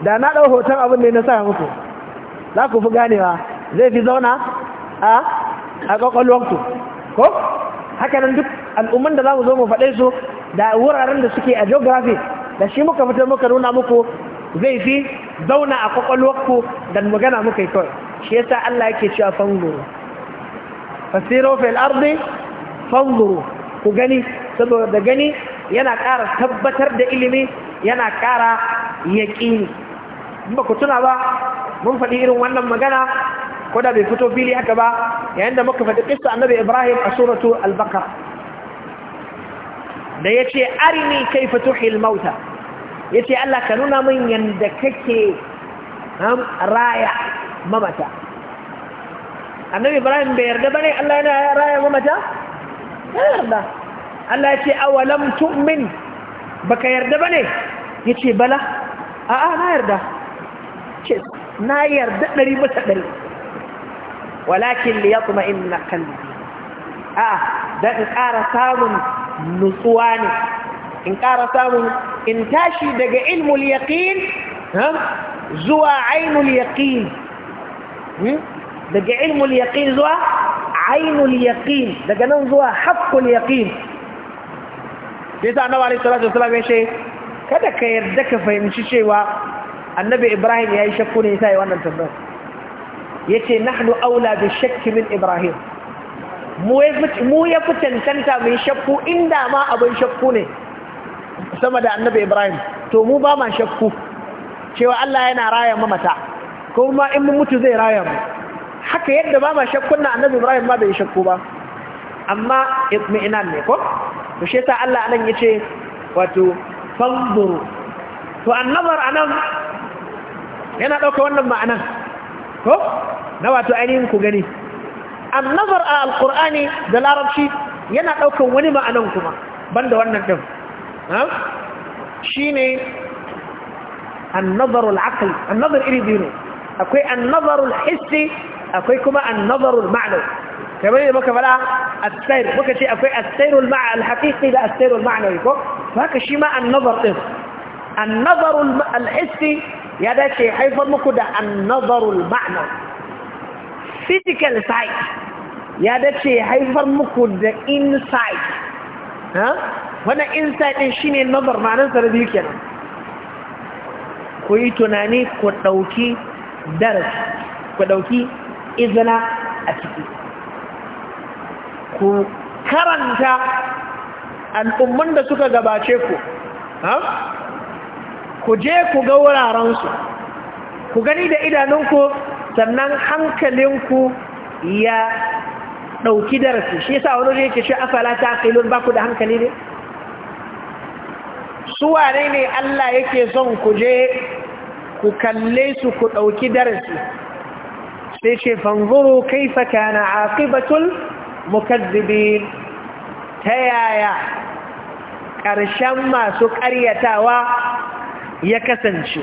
da na ɗau hoton abin da na sa muku za ku fi ganewa zai fi zauna a a ku. ko haka nan duk al'umman da za mu zo mu faɗe su da wuraren da suke a geography da shi muka fitar muka nuna muku zai fi zauna a ku don magana muka yi kawai shi yasa Allah yake cewa fanguru. fasiru fil ardi fanguru ku gani saboda gani yana ƙara tabbatar da ilimi yana ƙara yaƙini ba ku tuna ba mun faɗi irin wannan magana ko da bai fito fili haka ba yayin da muka faɗi ƙista annabi ibrahim a suratu al-baqara da yace arini kai tuhil mauta ya ce Allah ka nuna min yadda kake raya mamata annabi ibrahim bai yarda ba ne Allah yana raya mamata ya yarda Allah ya ce awalam tu'min baka yarda ba ne ya ce bala a'a na yarda ce na yarda ɗari bisa ɗari walakin liya kuma in na kalli a'a don ƙara samun nutsuwa ne in ƙara samun in tashi daga ilmul yaƙin zuwa ainul yaƙin hmm? daga ilmul yaƙin zuwa ainul yaƙin daga nan zuwa haƙƙul yaƙin ya sa annabi alaihi salatu wasallam ya ce kada ka yarda ka fahimci cewa annabi ibrahim ya yi shakku ne ya yi wannan tambayar ya ce nahnu aula da shakki min ibrahim mu ya fi cancanta mai shakku inda ma abin shakku ne sama da annabi ibrahim to mu ba ma shakku cewa Allah yana raya mata kuma in mun mutu zai raya mu haka yadda ba ma shakkun na annabi ibrahim ba bai shakku ba amma itmi'inan ne ko to shi yasa Allah anan yace wato fanzuru to annabar anan yana dauka wannan ma'anan ko na wato ainihin ku gani annabar a alqur'ani da larabci yana daukan wani ma'anan kuma banda wannan din ها shine النظر العقل النظر إلي دينه أكوي النظر الحسي أكوي كما النظر المعنى كمان إذا بك فلا السير بك شيء السير المع... الحقيقي لا السير المعنوي فهك شيء ما النظر إيه النظر الم... الحسي يا ده شيء حيفر مكودة النظر المعنوي physical sight يا ده شيء حيفر مكودة inside ها wannan insight din shine nazar ma'anar sa rabi kenan ku tunani ku dauki darasi ku dauki izina a ciki ku karanta al'umman da suka gabace ku ku je ku ga wurarensu ku gani da idanunku sannan hankalinku ya ɗauki darasi shi yasa wani yake ce afala ta ba baku da hankali ne su wane ne Allah yake son ku je ku kalle su ku ɗauki darasi sai ce fanzuru kaifa kana aqibatul mukazzibin ta yaya ƙarshen masu ƙaryatawa ya kasance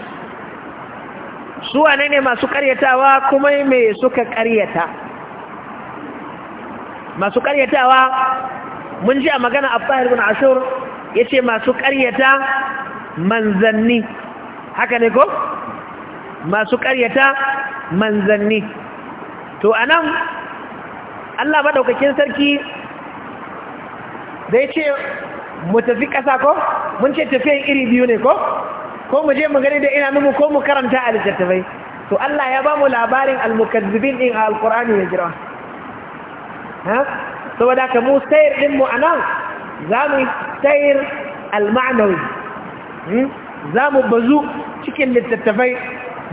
su wane ne masu ƙaryatawa kuma me suka ƙaryata masu ƙaryatawa mun ji a magana abdahir bin ashur ya ce masu ƙaryata manzanni haka ne ko? masu ƙaryata manzanni to a nan Allah maɗaukakin sarki da ya ce mu tafi ƙasa ko? mun ce tafiyan iri biyu ne ko? ko mu je mu gani da ina numu ko mu karanta a littattafai to Allah ya ba mu labarin almukazzibin ɗin a alkur'ani ya jira saboda ka mu sayar ɗinmu a nan za mu al almanawi hmm? za mu bazu cikin littattafai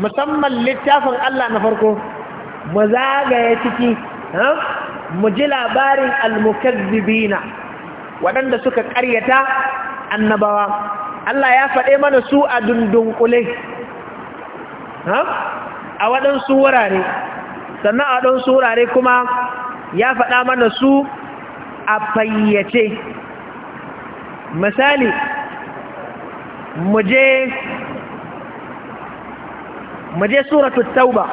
musamman littafin Allah na farko mu zagaya ciki mu ji labarin almukazzibina waɗanda suka ƙaryata annabawa Allah ya faɗe mana su a dundunkule a waɗansu wurare sannan a waɗansu wurare kuma ya faɗa mana su a fayyace مثالی مجھے مجھے سورة التوبة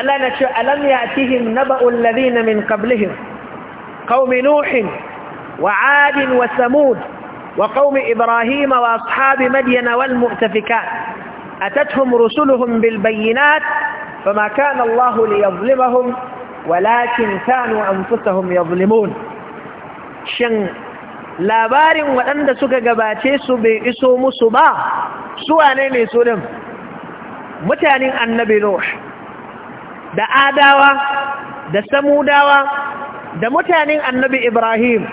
اللہ نشو علم یاتیہم نبعو الذین من قبلهم قوم نوح وعاد وثمود وقوم إبراهيم واصحاب مدين والمؤتفکات اتتهم رسلهم بالبينات فما كان الله ليظلمهم ولكن كانوا انفسهم يظلمون شن labarin waɗanda suka gabace su bai iso musu ba su wane ne su din mutanen annabi nuh da adawa da samudawa da mutanen annabi ibrahim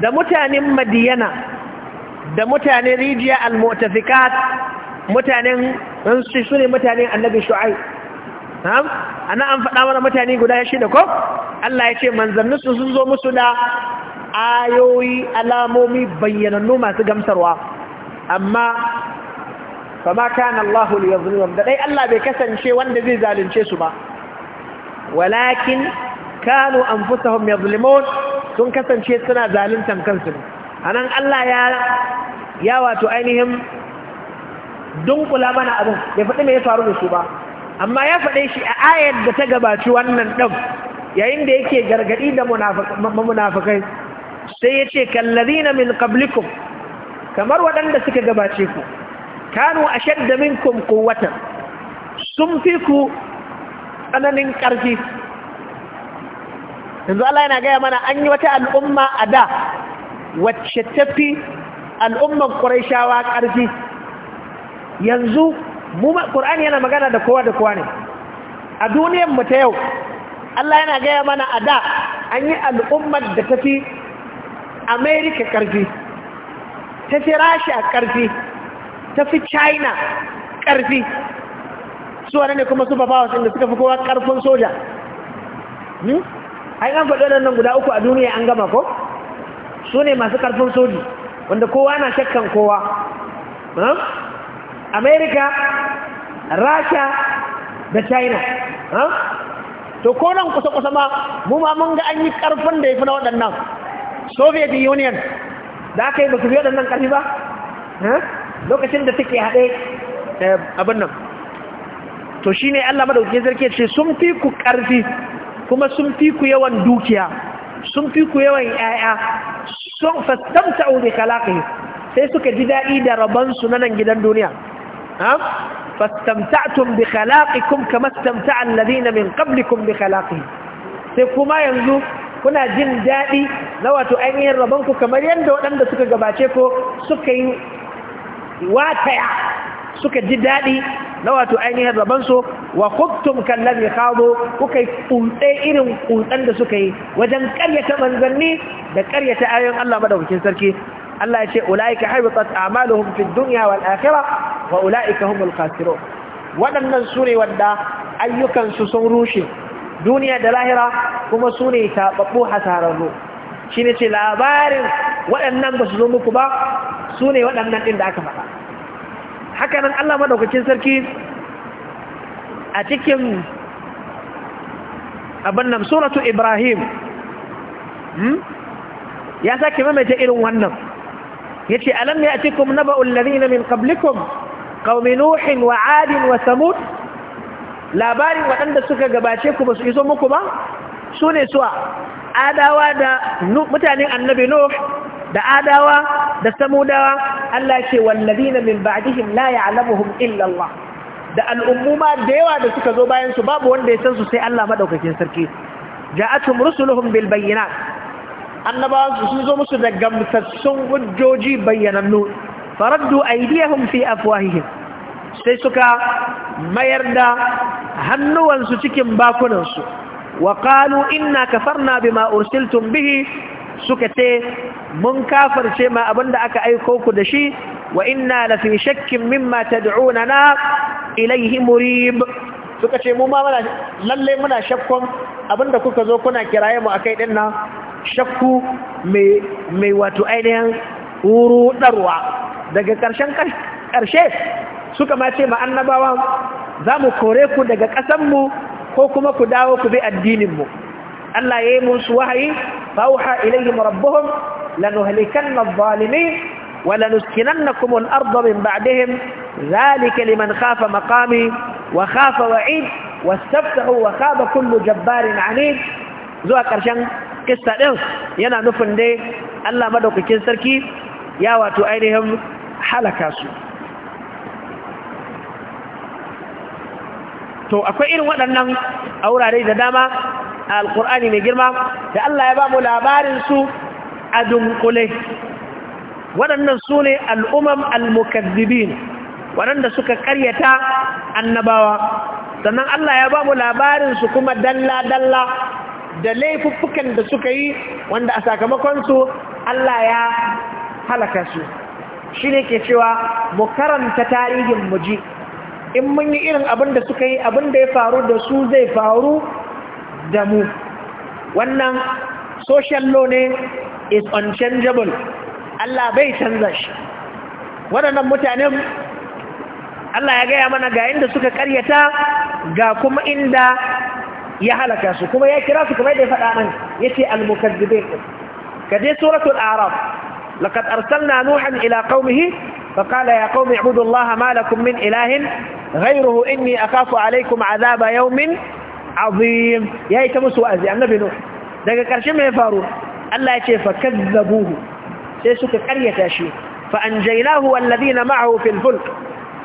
da mutanen madiyana da mutanen rijiya al-mu'tafikat mutanen su ne mutanen annabi shu'ai ana an faɗa mana mutane guda shida ko Allah ya ce manzanninsu sun zo musu da ayoyi alamomi bayyanannu masu gamsarwa amma fama kana Allah liyazlimum da dai Allah bai kasance wanda zai zalunce su ba walakin kanu anfusahum yazlimun sun kasance suna zaluntan kansu ne anan Allah ya ya wato ainihin dunkula mana abin ya faɗi me ya faru da su ba amma ya faɗe shi a ayar da ta gabaci wannan ɗan yayin da yake gargaɗi da munafakai sai ya ce kallazina min qablikum kamar waɗanda suka gabace ku kanu ashadda minkum quwwatan sun fi ku tsananin ƙarfi yanzu Allah yana gaya mana an yi wata al'umma a da wacce tafi al'umman ƙuraishawa ƙarfi yanzu ƙur'ani yana magana da kowa da kowa ne a duniyan mu ta yau Allah yana gaya mana a da an yi al'ummar da tafi Amerika ƙarfi ta fi rasha ƙarfi ta fi china ƙarfi su wane ne kuma su babawa sun da suka fi kowa ƙarfin soja hmm? an faɗo faɗi nan guda uku a duniya an gama ko su ne masu ƙarfin soji wanda kowa na shakkan kowa hmm? Amerika, rasha da china hmm? to ko nan kusa-kusa ma mu ma mun ga an yi ƙarfin da ya fi na waɗannan soviet union da aka yi ba su biyo da nan ƙarfi ba lokacin da suke haɗe eh, abin nan to shi ne allah madaukin sarki ce sun fi ku ƙarfi kuma sun fi ku yawan dukiya sun fi ku yawan 'ya'ya sun fastamta aure kalaƙi sai suka ji daɗi da rabansu na nan gidan duniya fastamta'tum bi khalaqikum kama stamta'a alladhina min qablikum bi khalaqihim sai kuma yanzu kuna jin daɗi na wato ainihin rabonku kamar yadda waɗanda suka gabace ko suka yi wataya suka ji daɗi na wato ainihin rabonsu wa kuktum kallon ya kawo kuka yi irin ƙulɗen da suka yi wajen ƙaryata manzanni da ƙaryata ayoyin Allah madaukakin sarki Allah ya ce ula'ika haibatat amaluhum fid duniya wal akhirah wa ula'ika humul kasiro waɗannan sune wanda ayyukansu sun rushe duniya da lahira kuma su ne taɓaɓɓu hasararru shi ne ce labarin waɗannan ba su zo muku ba su ne waɗannan ɗin da aka faɗa haka nan allah maɗaukacin sarki a cikin abin suratu ibrahim hmm? ya sake mamaita irin wannan ya ce alam ya cikin naba'ul lalina min qablikum qaumi nuhin wa adin wa samud labarin waɗanda suka gabace ku ba su iso muku ba su ne suwa adawa da mutanen annabi nuh da adawa da samudawa Allah ce wallazina min ba'dihim la ya'lamuhum illa Allah da al'ummuma da yawa da suka zo bayan su babu wanda ya san su sai Allah madaukakin sarki ja'atuhum rusuluhum bil bayyinat annabawan su sun zo musu da gamsassun hujjoji bayyanannu faraddu aydiyahum fi afwahihim sai suka mayar da hannuwansu cikin bakunansu wa qalu inna kafarna bima ursiltum bihi suka ce mun kafarce ma abinda aka aiko ku da shi wa inna la fi shakkin mimma tad'unana ilayhi murib suka ce mu ma muna lalle muna shakkon abinda kuka zo kuna kiraye mu akai din nan shakku mai mai wato ainihin rudarwa daga karshen karshe suka ma ce ma annabawa za mu kore ku daga ƙasanmu ko kuma ku dawo ku bi addininmu Allah ya yi musu wahayi fauha ilayhim rabbuhum lanuhlikanna adh-dhalimin wa lanuskinannakum al-ardha min ba'dihim dhalika liman khafa maqami wa khafa wa'id wastaftahu wa khaba kullu jabbarin 'anid zuwa karshen kista din yana nufin dai Allah madaukakin sarki ya wato ainihin halaka su to akwai irin waɗannan a wurare da dama a alƙur'ani mai girma da Allah ya ba mu labarinsu a dunkule waɗannan su ne al'umam al waɗanda suka ƙaryata annabawa sannan Allah ya ba mu labarinsu kuma dalla-dalla da laifuffukan da suka yi wanda a sakamakonsu Allah ya halaka su shi ne ke cewa mu karanta tarihin muji in mun yi irin abin da suka yi abin da ya faru da su zai faru da mu wannan social law ne is unchangeable Allah bai canza shi waɗannan mutanen Allah ya gaya mana ga inda suka karyata ga kuma inda ya halaka su kuma ya kira su kuma ya faɗa nan ya ce almukazzibin ka je suratul arab laqad arsalna nuhan ila qaumihi فقال يا قوم اعبدوا الله ما لكم من إله غيره إني أخاف عليكم عذاب يوم عظيم يا يتمس وأزي النبي نوح daga ƙarshe mai faru Allah ya ce fa kazzabuhu sai suka ƙaryata shi fa anjaynahu walladhina ma'ahu fil fulk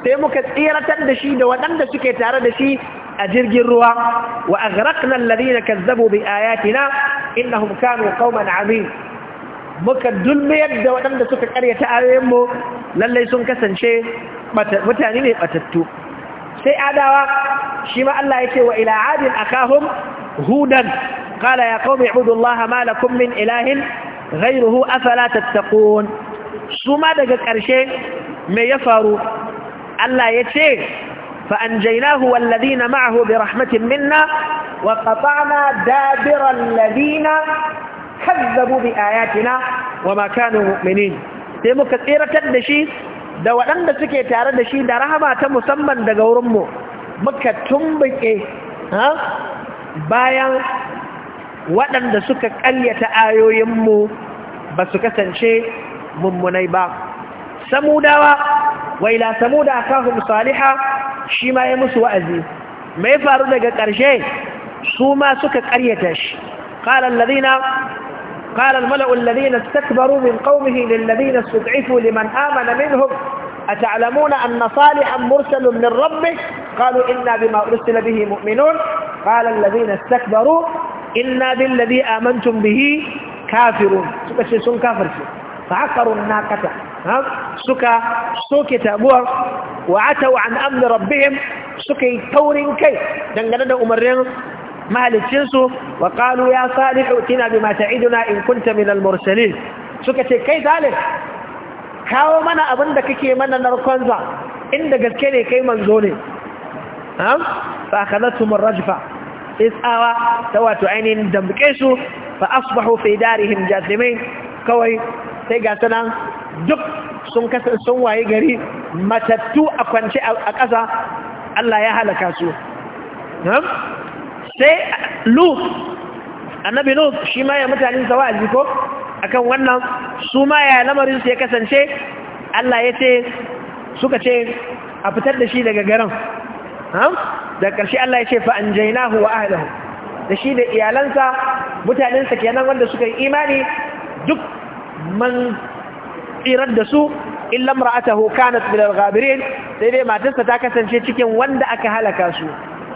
sai muka tsiratar da shi da waɗanda suke tare da shi a jirgin ruwa wa aghraqna alladhina kazzabu bi ayatina innahum kanu kauman 'amin muka dulmiyar da waɗanda suka karya ta mu lallai sun kasance mutane ne batattu sai adawa shi ma Allah ya ce wa ila adin akahum hudan qala ya qaumi ibudullaha ma lakum min ilahin ghayruhu afala tattaqun su ma daga ƙarshe me ya faru Allah ya ce fa jainahu wal ladina ma'ahu bi rahmatin minna wa qata'na dabiran alladhina kazzabu bi ayatina wa ma kanu mu'minin sai muka tsiratar da shi da waɗanda suke tare da shi da rahama ta musamman daga wurinmu muka tumbuke bayan waɗanda suka ƙaryata ayoyinmu ba su kasance mummunai ba samudawa wai la samuda akahum saliha shi ma ya musu wa'azi mai faru daga ƙarshe su ma suka ƙaryata shi qala alladhina قال الملأ الذين استكبروا من قومه للذين استضعفوا لمن آمن منهم أتعلمون أن صالحا مرسل من ربه قالوا إنا بما أرسل به مؤمنون قال الذين استكبروا إنا بالذي آمنتم به كافرون سكا سيسون كافر فعقروا الناقة سكا سوك تابوا وعتوا عن أمر ربهم سكي تور كي دنجلنا أمرين mahalicinsu wa qalu ya salihu tina mata iduna in kunta min al-mursalin suka ce kai salih kawo mana abin da kake mana narkonza inda gaske ne kai manzo ne fa akhadathum mun rajfa isawa tawatu ainin damke su fa asbahu fi darihim jathimin kawai sai ga nan duk sun kasance sun waye gari matattu a kwance a ƙasa Allah ya halaka su sai lu annabi lu shi ma ya mutanen sa a ko akan wannan su ma ya lamarin su ya kasance Allah ya ce suka ce a fitar da shi daga garin da ƙarshe Allah ya ce fa anjaynahu wa ahlihi da shi da iyalansa mutanensa kenan wanda suka yi imani duk man tsirar da su illa mar'atahu kanat min al sai dai matarsa ta kasance cikin wanda aka halaka su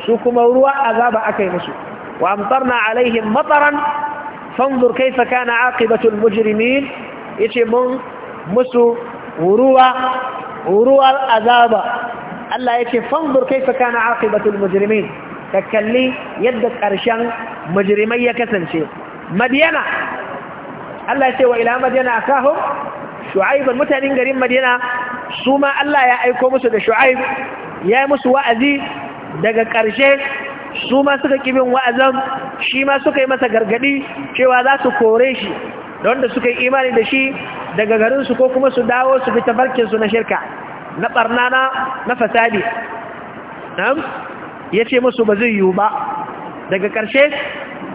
su kuma ruwa azaba aka yi musu wa amtarna alaihim mataran fanzur kaifa kana aqibatul mujrimin yace mun musu ruwa ruwar azaba Allah yace fanzur kaifa kana aqibatul mujrimin ka kalli yadda ƙarshen mujrimai ya kasance madiyana Allah yace wa ila madiyana akahum shu'aib mutanin garin madiyana su ma Allah ya aiko musu da shu'aib ya yi musu wa'azi daga ƙarshe su ma suka kibin wa'azan shi ma suka yi masa gargadi cewa za su kore shi da wanda suka yi imani da shi daga garinsu ko kuma su dawo su fi tafarkinsu na shirka na ɓarnana na fasadi ya ce musu ba zai yiwu ba daga ƙarshe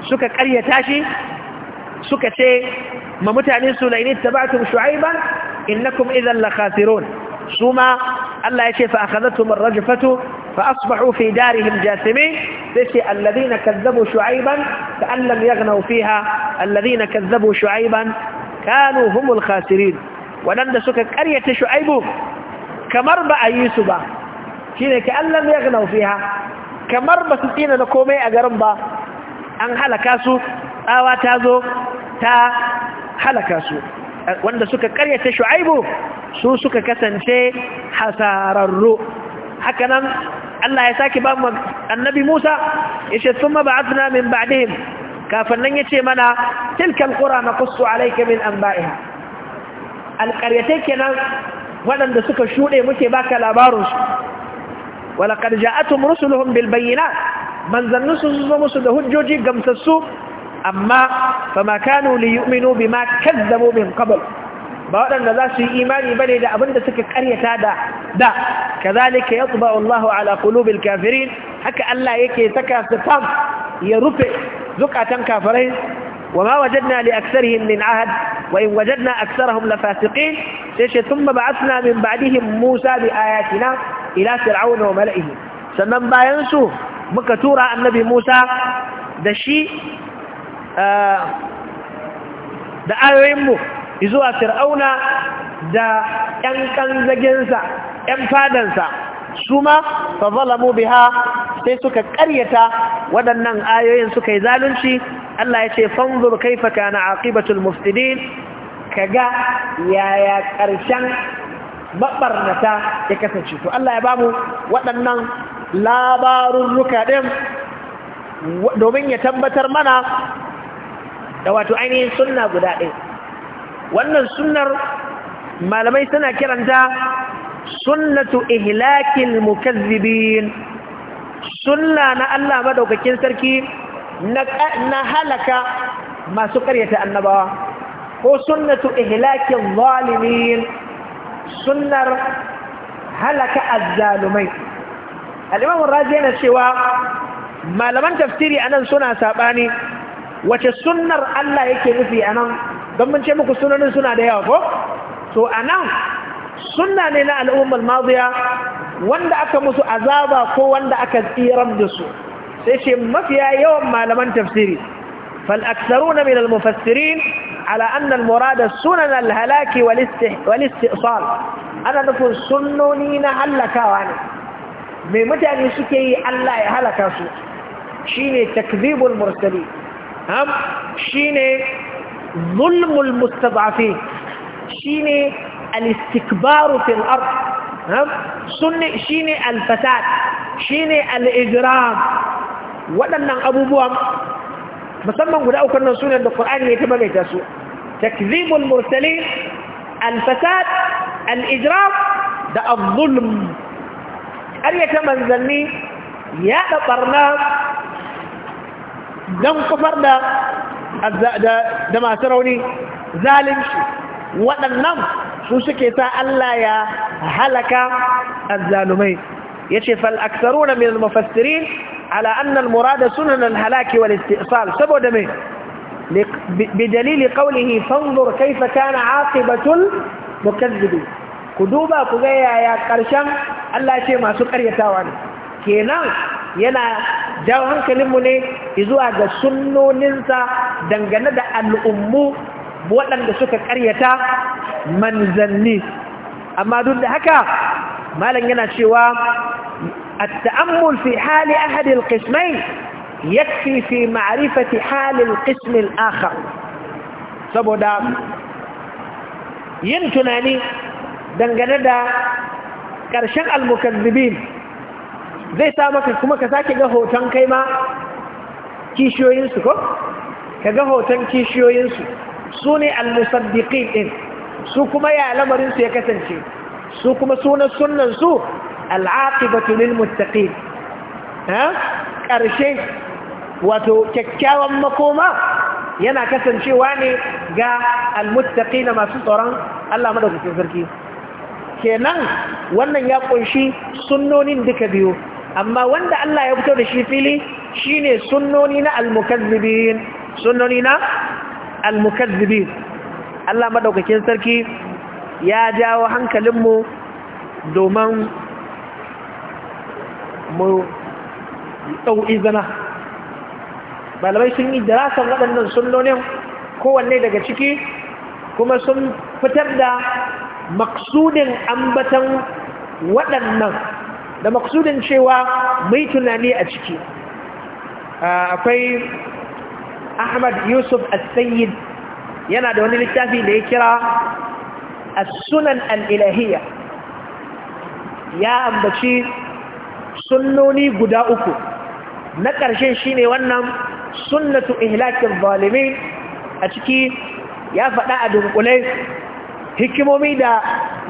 suka ƙaryata shi suka ce ma mutane su laini tabatun shu'aiban innakum idan la khasirun su ma Allah ya ce fa akhadhatuhum ar فأصبحوا في دارهم جاثمين بس الذين كذبوا شعيبا كأن لم يغنوا فيها الذين كذبوا شعيبا كانوا هم الخاسرين ولند سكك أرية شعيب كمربع يوسف كأن لم يغنوا فيها كمربع سكين نقومي أقرنبا أن حلقاسوا آواتازوا تا حلقاسوا ولند سكك أرية شعيب سو سكك سنشي حسار الرؤ حكنا الله يساك بام النبي موسى إيش ثم بعثنا من بعدهم كافنن يشي منا تلك القرى نقص عليك من أنبائها القريتين كنا ولن دسك الشؤل مكي باك لابارش ولقد جاءتهم رسلهم بالبينات من ذن نسوس ومسد هجوجي قمت السوء أما فما كانوا ليؤمنوا بما كذبوا من قبل ba waɗanda za su yi imani bane da abin da suka karyata da da kazalika yatba'u Allahu ala qulubil kafirin haka Allah yake saka fam ya rufe zukatan kafirai وما وجدنا لأكثرهم من عهد وإن وجدنا أكثرهم لفاسقين سيشي min بعثنا من بعدهم موسى بآياتنا fir'auna wa وملئه sannan bayan su muka tura annabi Musa da shi eh, da ayoyin mu. zuwa fir'auna da ƴan kanzagensa ƴan fadansa su ma fa zalamu biha sai suka ƙaryata waɗannan ayoyin suka yi zalunci Allah ya ce fanzur kaifa kana aqibatul mufsidin kaga yaya ƙarshen mabarnata ya kasance to Allah ya bamu waɗannan labarurruka ɗin domin ya tabbatar mana da wato ainihin sunna guda ɗaya wannan sunnar malamai suna kiranta sunnatu ihlakil mukazzibin sunna na Allah madaukakin sarki na halaka masu karyata annabawa ko sunnatu ihlakil zalimin sunnar halaka azzalumai al-imam razi yana cewa malaman tafsiri anan suna sabani wace sunnar Allah yake nufi anan don mun ce muku sunanin suna da yawa ko? to a nan suna ne na al’ummar maziya wanda aka musu azaba ko wanda aka tsiran da su sai ce mafiya yawan malaman tafsiri fal’aksaru na minal mufassirin ala annal murada sunan alhalaki ana nufin sunoni na halakawa ne mai mutane suke yi Allah ya halaka su shi ne takzibul mursali shi ne zulmul mustad'afin shine al-istikbaru fil ard sunne shine al-fasad al-ijram waɗannan abubuwan musamman guda uku nan sunan da ƙurani ya tabbata su takzibul murtali, al-fasad al-ijram da al-zulm ƙaryata manzanni ya da barna don da da masu rauni zalunci waɗannan su suke sa Allah ya halaka azzalumai yace fal aktharuna min al-mufassirin ala anna al-murada sunan al-halaki wal istisal saboda me بدليل قوله فانظر كيف كان عاقبة المكذبين كدوبا كغيا يا قرشن الله شيء ما سو قريتاوا ne kenan yana dawo hankalinmu ne zuwa ga sunnoninsa dangane da al’ummu waɗanda suka ƙaryata manzanni. Amma duk da haka, malam yana cewa, a ta’ammul fi hali ahadil ƙismai, yake fi ma’arifati halin ƙismin akhar. Saboda yin tunani dangane da ƙarshen al zai sa maka kuma ka sake ga hoton kai ma kishiyoyinsu ko ka ga hoton kishiyoyinsu su ne al-musaddiqin din su kuma ya lamarin su ya kasance su kuma sunan sunan su al-aqibatu lil muttaqin ha karshe wato kyakkyawan makoma yana kasancewa ne ga almuttaqi na masu tsoron Allah madaukakin sarki kenan wannan ya kunshi sunnonin duka biyu amma wanda Allah ya fito da shi fili shine sunnoni na almukazzibin sunnoni na almukazzibin Allah madaukakin sarki ya jawo hankalinmu domin mu ɗau zana Balabai sun yi darasar waɗannan sunnonin kowanne daga ciki kuma sun fitar da maksudin ambatan waɗannan da maksudin cewa mai tunani a ciki akwai ahmad yusuf al-sayyid yana da wani littafi da ya kira Asunan sunan al-ilahiyya ya ambaci sunnoni guda uku na ƙarshen shine wannan sunnatu ihlakin zalimin a ciki ya faɗa a dunkule hikimomi da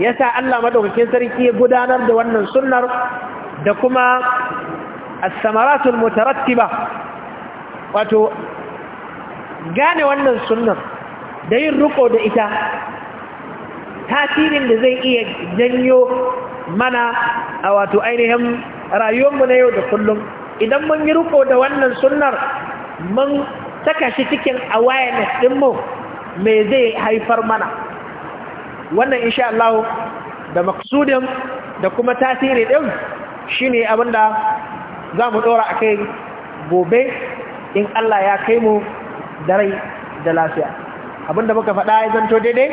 yasa Allah madaukakin sarki ya gudanar da wannan sunnar da kuma as-samaratul mutarattiba wato gane wannan sunnar da yin riko da ita tasirin da zai iya janyo mana a wato ainihin rayuwarmu na yau da kullum idan mun yi riko da wannan sunnar mun saka shi cikin awareness ɗinmu me zai haifar mana wannan insha Allah da maksudin da kuma tasiri ɗin shi ne abinda za mu ɗora a kai gobe in Allah ya kai mu da rai da lafiya abinda muka faɗa ya zanto daidai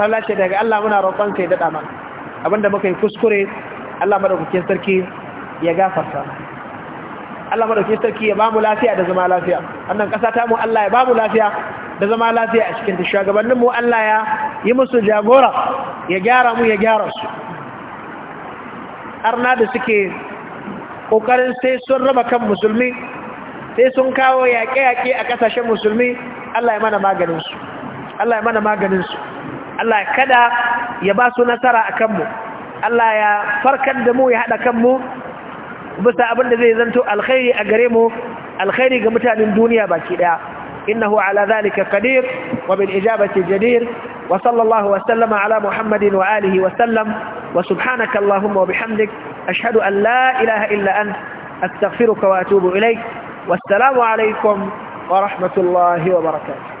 Allah ce daga Allah muna roƙon kai daɗa mana abinda muka yi kuskure Allah madaukakin sarki ya gafarta Allah madauki sarki ya bamu lafiya da zama lafiya annan kasa ta mu Allah ya bamu lafiya da zama lafiya a cikin shugabannin mu Allah ya yi musu jagora ya gyara mu ya gyara su arna da suke kokarin sai sun raba kan musulmi sai sun kawo yaƙe-yaƙe a ƙasashen musulmi Allah ya mana maganin su Allah ya mana maganin su Allah kada ya ba su nasara a kanmu Allah ya farkar da mu ya haɗa kanmu bisa abin da zai zanto alkhairi a gare mu alkhairi ga mutanen duniya baki daya innahu ala zalika qadir wa bil ijabati jadir wa sallallahu wa sallama ala muhammadin wa alihi wa sallam wa subhanaka allahumma wa bihamdik ashhadu an la ilaha illa ant astaghfiruka wa atubu ilaik wassalamu alaikum wa rahmatullahi wa barakatuh